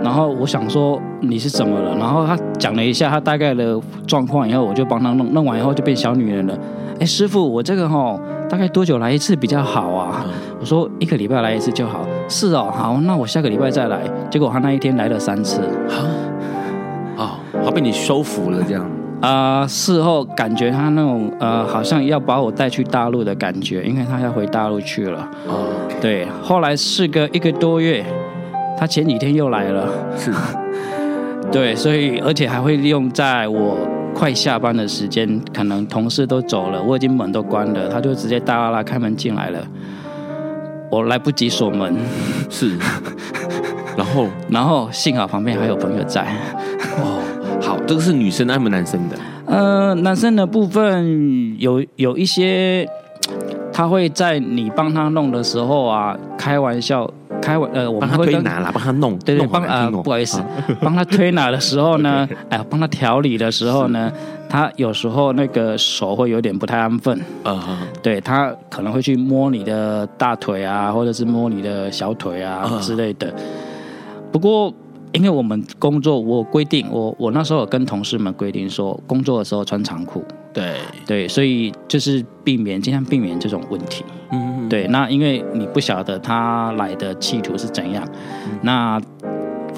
然後我想說你是怎麼了？然後他講了一下他大概的狀況以後，然後我就幫他弄。弄完以後就變小女人了。哎，師傅，我這個哈、哦、大概多久來一次比較好啊、嗯？我說一個禮拜來一次就好。是哦，好，那我下個禮拜再來。結果他那一天來了三次。啊，好、哦、被你收服了這樣。 啊、呃，事後感覺他那種呃，好像要把我帶去大陸的感覺，因為他要回大陸去了。Okay. 對，後來事隔一個多月，他前幾天又來了。是。對，所以而且還會利用在我快下班的時間，可能同事都走了，我已經門都關了，他就直接大剌剌開門進來了，我來不及鎖門。是。 然後，然後幸好旁邊還有朋友在。哦。好，這個是女生的還是男生的？呃，男生的部分有有一些，他會在你幫他弄的時候啊，開玩笑，開玩呃，我們幫他推拿，幫他弄，對幫呃不好意思，幫、啊、他推拿的時候呢， 哎呀，幫他調理的時候呢，他有時候那個手會有點不太安分，嗯、uh -huh. 對他可能會去摸你的大腿啊，或者是摸你的小腿啊、uh -huh. 之類的，不過。因為我們工作，我規定，我我那時候有跟同事們規定說，工作的時候穿長褲。對對，所以就是避免盡量避免這種問題。嗯嗯。對，那因為你不曉得他來的企圖是怎樣？嗯、那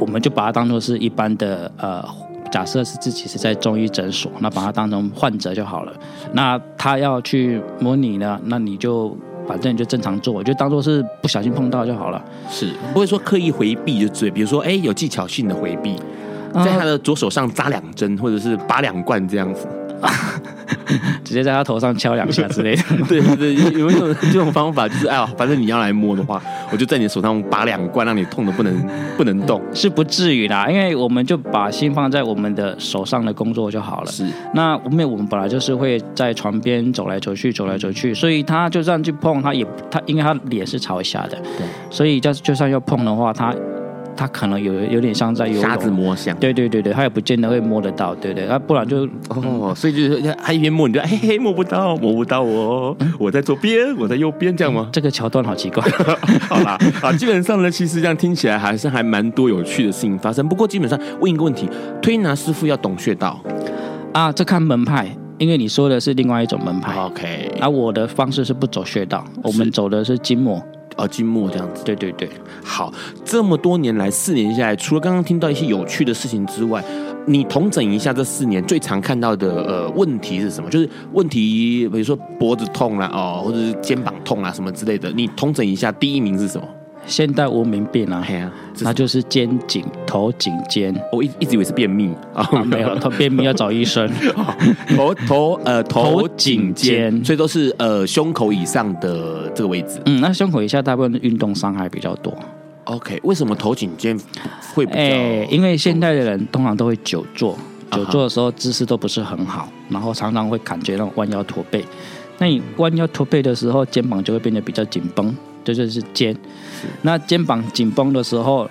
我們就把它當做是一般的呃，假設是自己是在中醫診所，那把它當成患者就好了。那他要去模擬呢，那你就。反正你就正常做，就當做是不小心碰到就好了，是不會說刻意回避就嘴，比如說哎、欸、有技巧性的回避，在他的左手上扎兩針或者是拔兩罐這樣子。啊 直接在他頭上敲兩下之類的， 對對對，有沒有這種方法？就是哎呀，反正你要來摸的話，我就在你手上拔兩罐，讓你痛得不能不能動，是不至於啦。因為我們就把心放在我們的手上的工作就好了。是，那我們我們本來就是會在床邊走來走去，走來走去，所以他就算去碰他，他，也他因為他臉是朝下的，對，所以就就算要碰的話，他，他可能有有點像在瞎子摸象，對對對對，他也不見得會摸得到，對不對？那、啊、不然就哦，所以就是他、啊、一邊摸你就嘿嘿摸不到，摸不到哦、嗯，我在左邊，我在右邊，這樣嗎？嗯、這個橋段好奇怪。 好啦，啊，基本上呢，其實這樣聽起來還是還蠻多有趣的事情發生。不過基本上問一個問題，推拿師傅要懂穴道、嗯、啊，這看門派，因為你說的是另外一種門派。嗯、OK、嗯、啊，我的方式是不走穴道，我們走的是筋膜。啊，金木這樣子，對對對，好，這麼多年來，四年下來，除了剛剛聽到一些有趣的事情之外，你統整一下這四年最常看到的呃問題是什麼？就是問題，比如說脖子痛啦，哦，或者是肩膀痛啊什麼之類的，你統整一下，第一名是什麼？現代文明病啊，那就是肩頸、頭頸肩。我、哦、一一直以為是便秘啊，沒有， 便秘要找醫生。哦、頭呃頭呃頭頸肩，所以都是呃胸口以上的這個位置。嗯，那胸口以下大部分的運動傷害比較多。OK，為什麼頭頸肩會比較、欸、因為現代的人通常都會久坐，久坐的時候姿勢都不是很好，Uh-huh. 然後常常會感覺到彎腰駝背。那你彎腰駝背的時候，肩膀就會變得比較緊繃。這就，就是肩，是那肩膀緊繃的時候，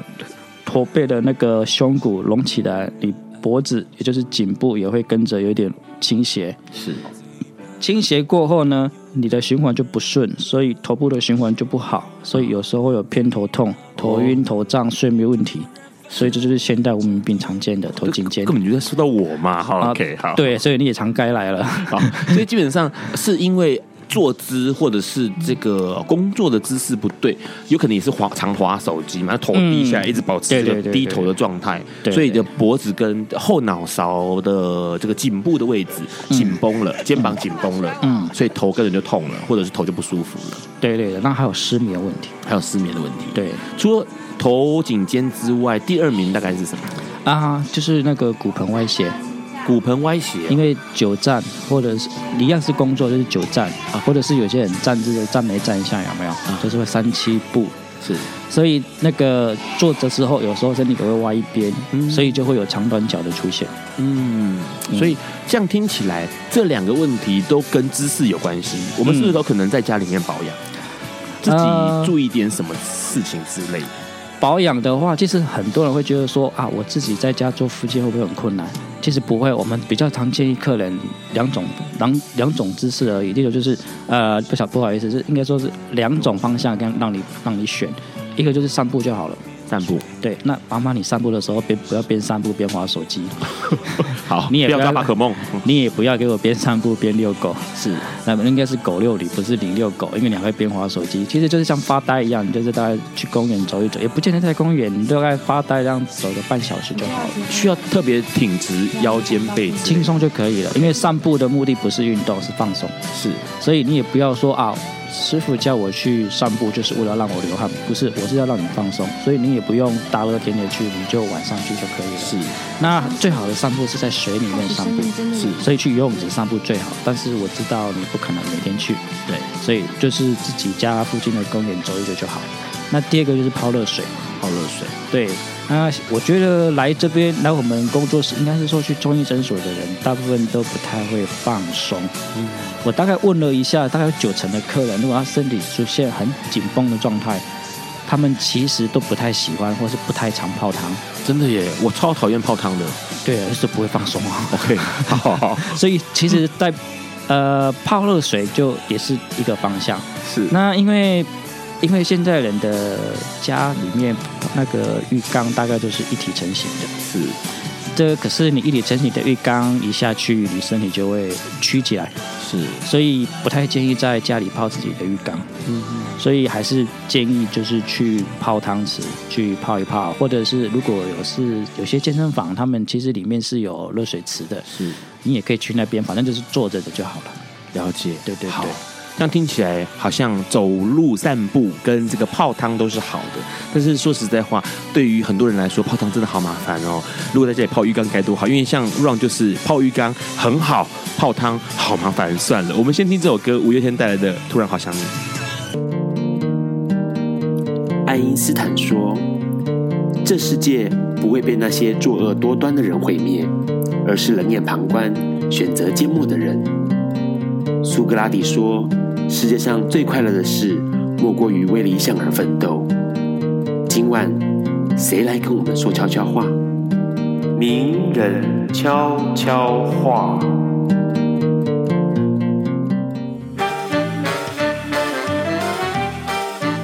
駝背的那個胸骨隆起來，你脖子也就是頸部也會跟着有點傾斜。是，傾斜過後呢，你的循環就不順，所以頭部的循環就不好，所以有時候會有偏頭痛、頭暈、頭脹、睡眠問題。哦。所以這就是現代文明病常見的頭頸肩。根本就在說到我嘛、啊、，OK 好，好。對，所以你也常該來了。 好，所以基本上是因為。坐姿或者是這個工作的姿勢不對，有可能也是滑常滑手機嘛，頭低下來一直保持這個低頭的狀態，所以你的脖子跟後腦勺的這個頸部的位置緊繃了，肩膀緊繃了，嗯，所以頭跟人就痛了，或者是頭就不舒服了。嗯、對對，對那還有失眠問題，還有失眠的問題。對，除了頭頸肩之外，第二名大概是什麼？啊，就是那個骨盆歪斜。嗯骨盆歪斜、哦，因為久站或者是一樣是工作，就是久站啊，或者是有些人站着、就是、站沒站一下，有沒有？嗯、就是會三七步是，所以那個坐着之後，有時候身體都會歪一邊、嗯，所以就會有長短腳的出現。嗯，所以這樣聽起來，這兩個問題都跟姿勢有關係。我們是不是都可能在家裡面保養，嗯、自己注意點什麼事情之類、呃？保養的話，其實很多人會覺得說啊，我自己在家做復健會不會很困難？其實不會，我們比較常建議客人兩種兩兩種姿勢而已。第一個就是，呃，不曉不好意思，是應該說是兩種方向，跟讓你讓你選，一個就是散步就好了，散步。對，那媽媽，你散步的時候邊不要邊散步邊滑手機， 好，你也不要打寶可夢， 你也不要給我邊散步邊遛狗，是，那應該是狗遛你，不是你遛狗，因為你還會邊滑手機，其實就是像發呆一樣，你就是大概去公園走一走，也不見得在公園，你大概發呆這樣走個半小時就好了，需要特別挺直腰肩背，輕鬆就可以了，因為散步的目的不是運動，是放鬆，是，所以你也不要說啊，師傅叫我去散步就是為了讓我流汗，不是，我是要讓你放鬆，所以你也不用。打了個點點去，你就晚上去就可以了。是，那最好的散步是在水裡面散步，是，所以去游泳池散步最好。但是我知道你不可能每天去，對，所以就是自己家附近的公園走一走就好。那第二個就是泡熱水，泡熱水。對，那我覺得來這邊來我們工作室，應該是說去中醫診所的人，大部分都不太會放鬆。嗯，我大概問了一下，大概有九成的客人，如果他身體出現很緊繃的狀態。他們其實都不太喜歡，或是不太常泡湯。真的耶，我超討厭泡湯的。對，是不會放鬆啊。 OK，好，好，好，所以其實，在 呃，泡熱水就也是一個方向。是。那因為因為現在人的家裡面那個浴缸大概就是一體成型的。是。這可是你一體成型的浴缸一下去，你身體就會曲起來。是，所以不太建議在家裡泡自己的浴缸。嗯嗯，所以還是建議就是去泡湯池，去泡一泡，或者是如果有是有些健身房，他們其實裡面是有熱水池的。是，你也可以去那邊，反正就是坐着的就好了。了解，對對對。好。這樣聽起來好像走路散步跟這個泡湯都是好的，但是說實在話，對於很多人來說泡湯真的好麻煩哦。如果在這裡泡浴缸該多好，因為像 Ron 就是泡浴缸很好，泡湯好麻煩，算了。我們先聽這首歌，五月天帶來的《突然好想你》。愛因斯坦說：“這世界不會被那些作惡多端的人毀滅，而是冷眼旁觀、選擇緘默的人。”蘇格拉底說。世界上最快樂的事，莫過於為理想而奮鬥。今晚，誰來跟我們說悄悄話？名人悄悄話。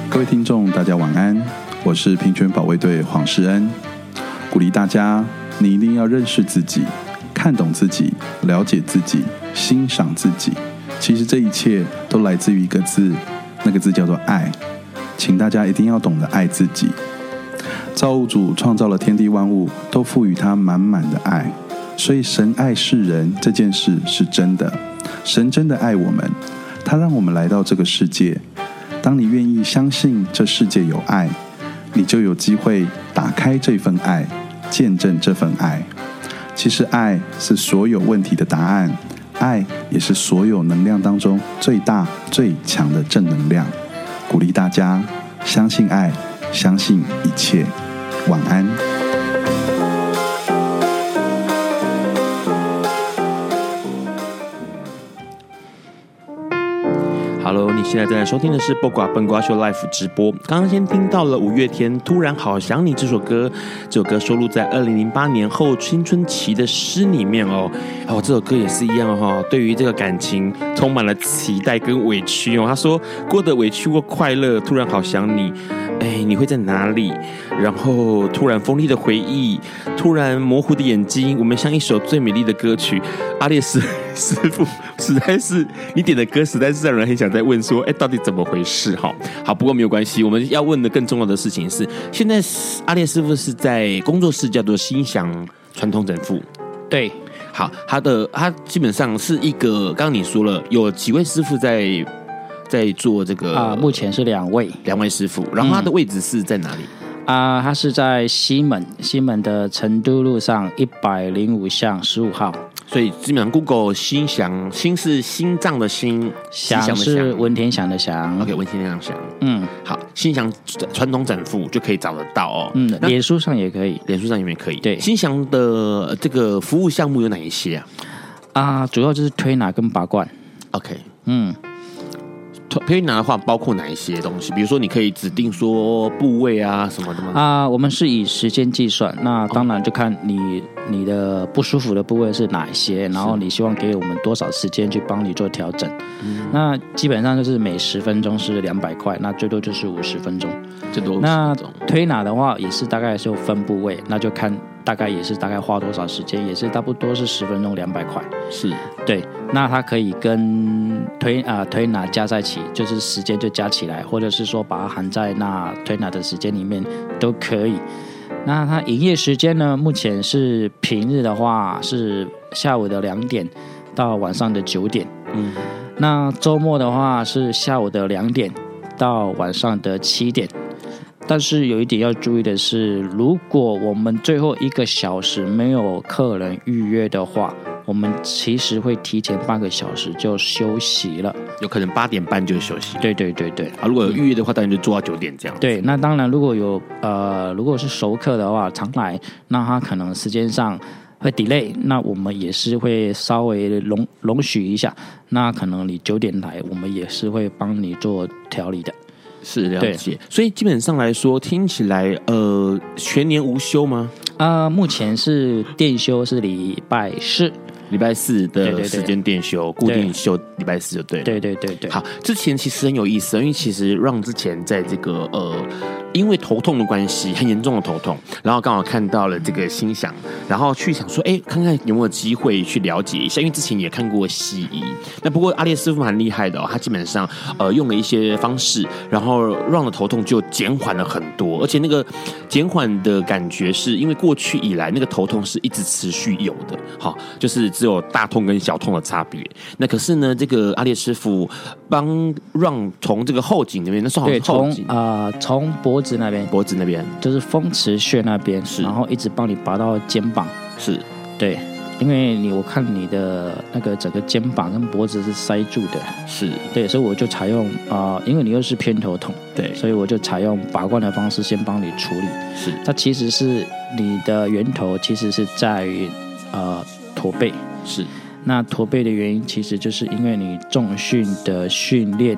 各位聽眾，大家晚安。我是平權保衛隊黃世恩，鼓勵大家，你一定要認識自己，看懂自己，了解自己，欣賞自己。其實這一切都來自於一個字，那個字叫做愛。請大家一定要懂得愛自己。造物主創造了天地萬物，都賦予他滿滿的愛，所以神愛世人，這件事是真的。神真的愛我們，他讓我們來到這個世界。當你願意相信這世界有愛，你就有機會打開這份愛，見證這份愛。其實愛是所有問題的答案。愛也是所有能量當中最大最強的正能量，鼓勵大家相信愛，相信一切。晚安。Hello，你現在正在收聽的是《不寡本瓜秀》Life 直播。剛剛先聽到了五月天《突然好想你》這首歌，這首歌收錄在二零零八年後青春期的詩裡面哦。哦，這首歌也是一樣哈、哦，對於這個感情充滿了期待跟委屈哦。他說，過得委屈過快樂，突然好想你。哎，你會在哪裡？然後突然鋒利的回憶，突然模糊的眼睛。我們像一首最美麗的歌曲。阿列斯師傅，實在是你點的歌，實在是讓人很想再問說：哎，到底怎麼回事？哈，好，不過沒有關係。我們要問的更重要的事情是，現在阿列師傅是在工作室，叫做心祥傳統整復。對，好，他的他基本上是一個，剛剛你說了，有幾位師傅在。在做這個啊、呃，目前是兩位，兩位師傅。然後他的位置是在哪裡？啊、嗯呃，他是在西門，西門的成都路上一百零五巷十五號。所以基本上，Google 心祥，心是心臟的心“心”，祥是文天祥的祥。文天祥的祥。嗯、OK，文天祥的祥。嗯，好，心祥傳統整復就可以找得到哦。嗯，那臉書上也可以，臉書上也可以。對，心祥的這個服務項目有哪一些啊？啊、呃，主要就是推拿跟拔罐。OK，嗯。推拿的話包括哪一些東西？比如說你可以指定說部位啊什麼的嗎？啊、呃，我們是以時間計算，那當然就看你、哦、你的不舒服的部位是哪一些，然後你希望給我們多少時間去幫你做調整。嗯，那基本上就是每十分鐘是兩百塊，那最多就是五十分鐘。最、嗯、多，那推拿的話也是大概是有分部位，那就看。大概也是大概花多少時間，也是差不多是十分鐘兩百塊，是對。那它可以跟推啊、呃、推拿加在一起，就是時間就加起來，或者是說把它含在那推拿的時間裡面都可以。那它營業時間呢？目前是平日的話是下午的兩點到晚上的九點，嗯，那周末的話是下午的兩點到晚上的七點。但是有一點要注意的是，如果我們最後一個小時沒有客人預約的話，我們其實會提前半個小時就休息了。有可能八點半就休息。對對對對。啊，如果有預約的話，嗯、當然就做到九點這樣。對，那當然如果有呃，如果是熟客的話，常來，那他可能時間上會 delay，那我們也是會稍微容容許一下。那可能你九點來，我們也是會幫你做調理的。是了解。對，所以基本上來說，聽起來呃，全年無休嗎？啊、呃，目前是店休是禮拜四，禮拜四的時間店休，固定休禮拜四就對。對，對對對對。好，之前其實很有意思，因為其實 Ron 之前在這個呃。因為頭痛的關係，很嚴重的頭痛，然後剛好看到了這個心祥，然後去想說，哎，看看有沒有機會去了解一下，因為之前也看過西醫。那不過阿列師傅蠻厲害的哦，他基本上呃用了一些方式，然後 Ron 的頭痛就減緩了很多，而且那個減緩的感覺是因為過去以來那個頭痛是一直持續有的，哈，就是只有大痛跟小痛的差別。那可是呢，這個阿列師傅幫 Ron 從這個後頸這邊，那算好痛。啊，從脖。呃從那邊，脖子那邊就是風池穴那邊，是，然後一直幫你拔到肩膀，是，對，因為你我看你的那個整個肩膀跟脖子是塞住的，是對，所以我就採用啊，因為你又是偏頭痛，對，所以我就採用拔罐、呃、的方式先幫你處理，是，它其實是你的源頭，其實是在於呃駝背，是，那駝背的原因其實就是因為你重訓的訓練，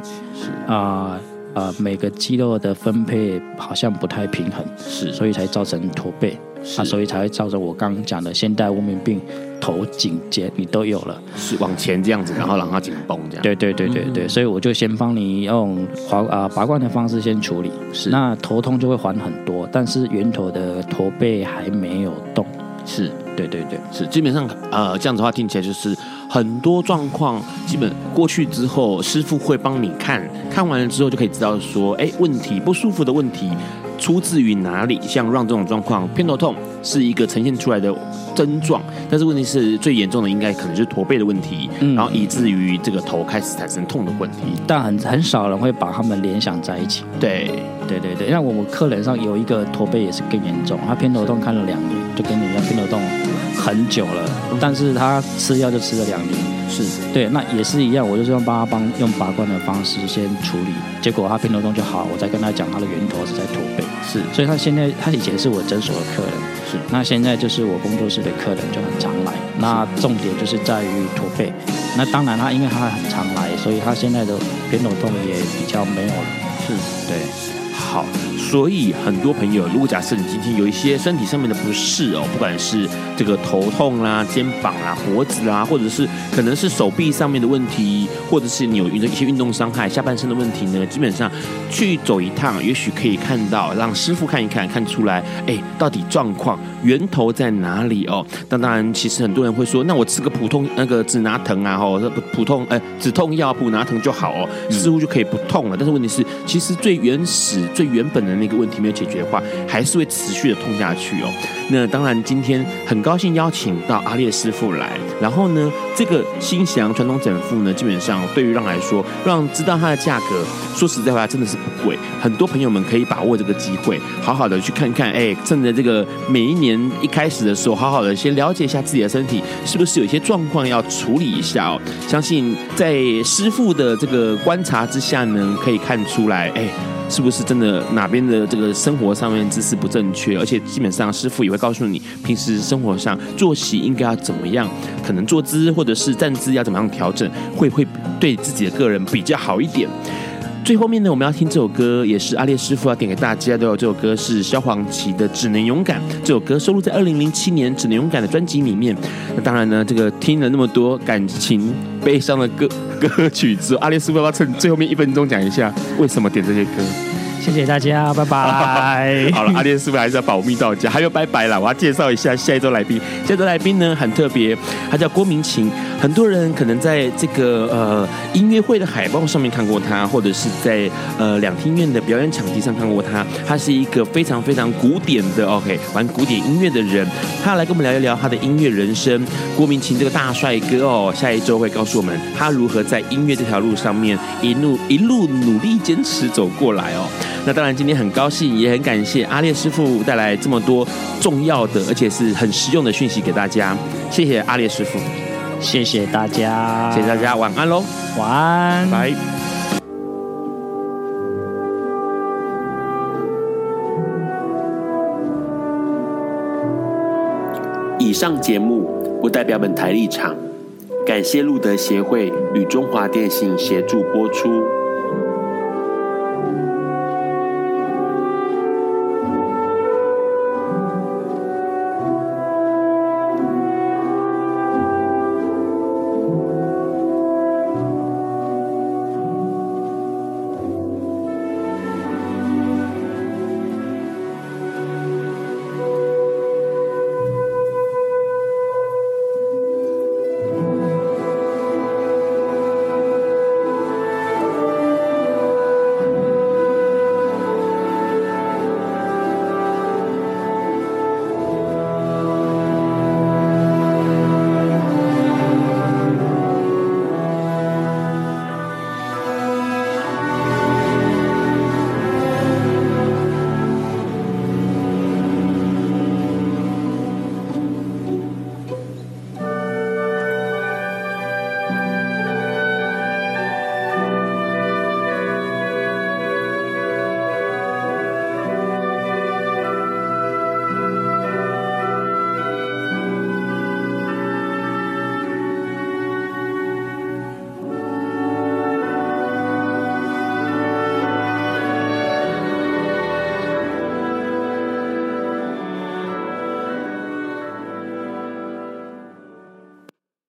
啊。呃啊、呃，每個肌肉的分配好像不太平衡，是，所以才造成駝背，是啊，所以才會造成我剛剛講的現代文明病，頭頸肩你都有了，是往前這樣子，嗯、然後讓它緊繃這樣。對對對對對，嗯、所以我就先幫你用拔啊、呃、拔罐的方式先處理，是，那頭痛就會緩很多，但是源頭的駝背還沒有動，是對對對，是基本上呃這樣子的話聽起來就是。很多狀況基本過去之後，師傅會幫你看，看完了之後就可以知道說，哎、欸，問題不舒服的問題出自於哪裡。像 Ron 這種狀況，偏頭痛是一個呈現出來的症狀，但是問題是最嚴重的，應該可能就是駝背的問題，嗯、然後以至於這個頭開始產生痛的問題。但很很少人會把他們聯想在一起。對，對，對，對，對。那我們客人上有一個駝背也是更嚴重，他偏頭痛看了兩年，就跟你一樣偏頭痛。很久了，但是他吃藥就吃了兩年，是對，那也是一樣，我就是用幫他幫用拔罐的方式先處理，結果他偏頭痛就好，我再跟他講他的源頭是在駝背，是，所以他現在他以前是我診所的客人，是，那現在就是我工作室的客人就很常來，那重點就是在於駝背，那當然他因為他很常來，所以他現在的偏頭痛也比較沒有了，是對，好。所以，很多朋友，如果假設你今天有一些身體上面的不適哦，不管是這個頭痛啦、啊、肩膀啦、啊、脖子啦、啊，或者是可能是手臂上面的問題，或者是你有的一些運動傷害、下半身的問題呢，基本上去走一趟，也許可以看到，讓師傅看一看，看出來，哎、欸，到底狀況源頭在哪裡哦。當當然，其實很多人會說，那我吃個普通那個普拿疼啊，哦，普通哎止、呃、痛藥普拿疼就好哦，似乎就可以不痛了。但是問題是，其實最原始、最原本的。那個問題沒有解決的話，還是會持續的痛下去哦。那當然，今天很高興邀請到阿列師傅來。然後呢，這個心祥傳統整復呢，基本上對於 Ron 來說，Ron 知道它的價格，說實在話，真的是不貴。很多朋友們可以把握這個機會，好好的去看看。哎、欸，趁着這個每一年一開始的時候，好好的先了解一下自己的身體，是不是有一些狀況要處理一下哦。相信在師傅的這個觀察之下呢，可以看出來，哎、欸。是不是真的哪邊的這個生活上面姿勢不正確？而且基本上師傅也會告訴你，平時生活上作息應該要怎麼樣，可能坐姿或者是站姿要怎麼樣調整，會不會對自己的個人比較好一點。最後面呢，我們要聽這首歌，也是阿列師傅要點給大家的。這首歌是蕭煌奇的《只能勇敢》，這首歌收錄在二零零七年《只能勇敢》的專輯裡面。那當然呢，這個聽了那麼多感情，悲傷的歌、歌曲之後，阿列師傅要趁最後面一分鐘講一下為什麼點這些歌。謝謝大家，拜拜。 好了，阿列師傅還是要保密到家，還有拜拜了。我要介紹一下下一周來賓，下一周來賓呢很特別，他叫郭明琴。很多人可能在這個呃音樂會的海報上面看過他，或者是在呃兩廳院的表演場地上看過他。他是一個非常非常古典的 OK、哦、玩古典音樂的人，他來跟我們聊一聊他的音樂人生。郭明琴這個大帥哥哦，下一周會告訴我們他如何在音樂這條路上面一路一路努力堅持走過來哦。那當然今天很高興，也很感謝阿列師傅帶來這麼多重要的而且是很實用的訊息給大家。謝謝阿列師傅。謝謝大家，謝謝大家，晚安嘍，晚安，拜。以上節目不代表本台立場，感謝路德協會與中華電信協助播出。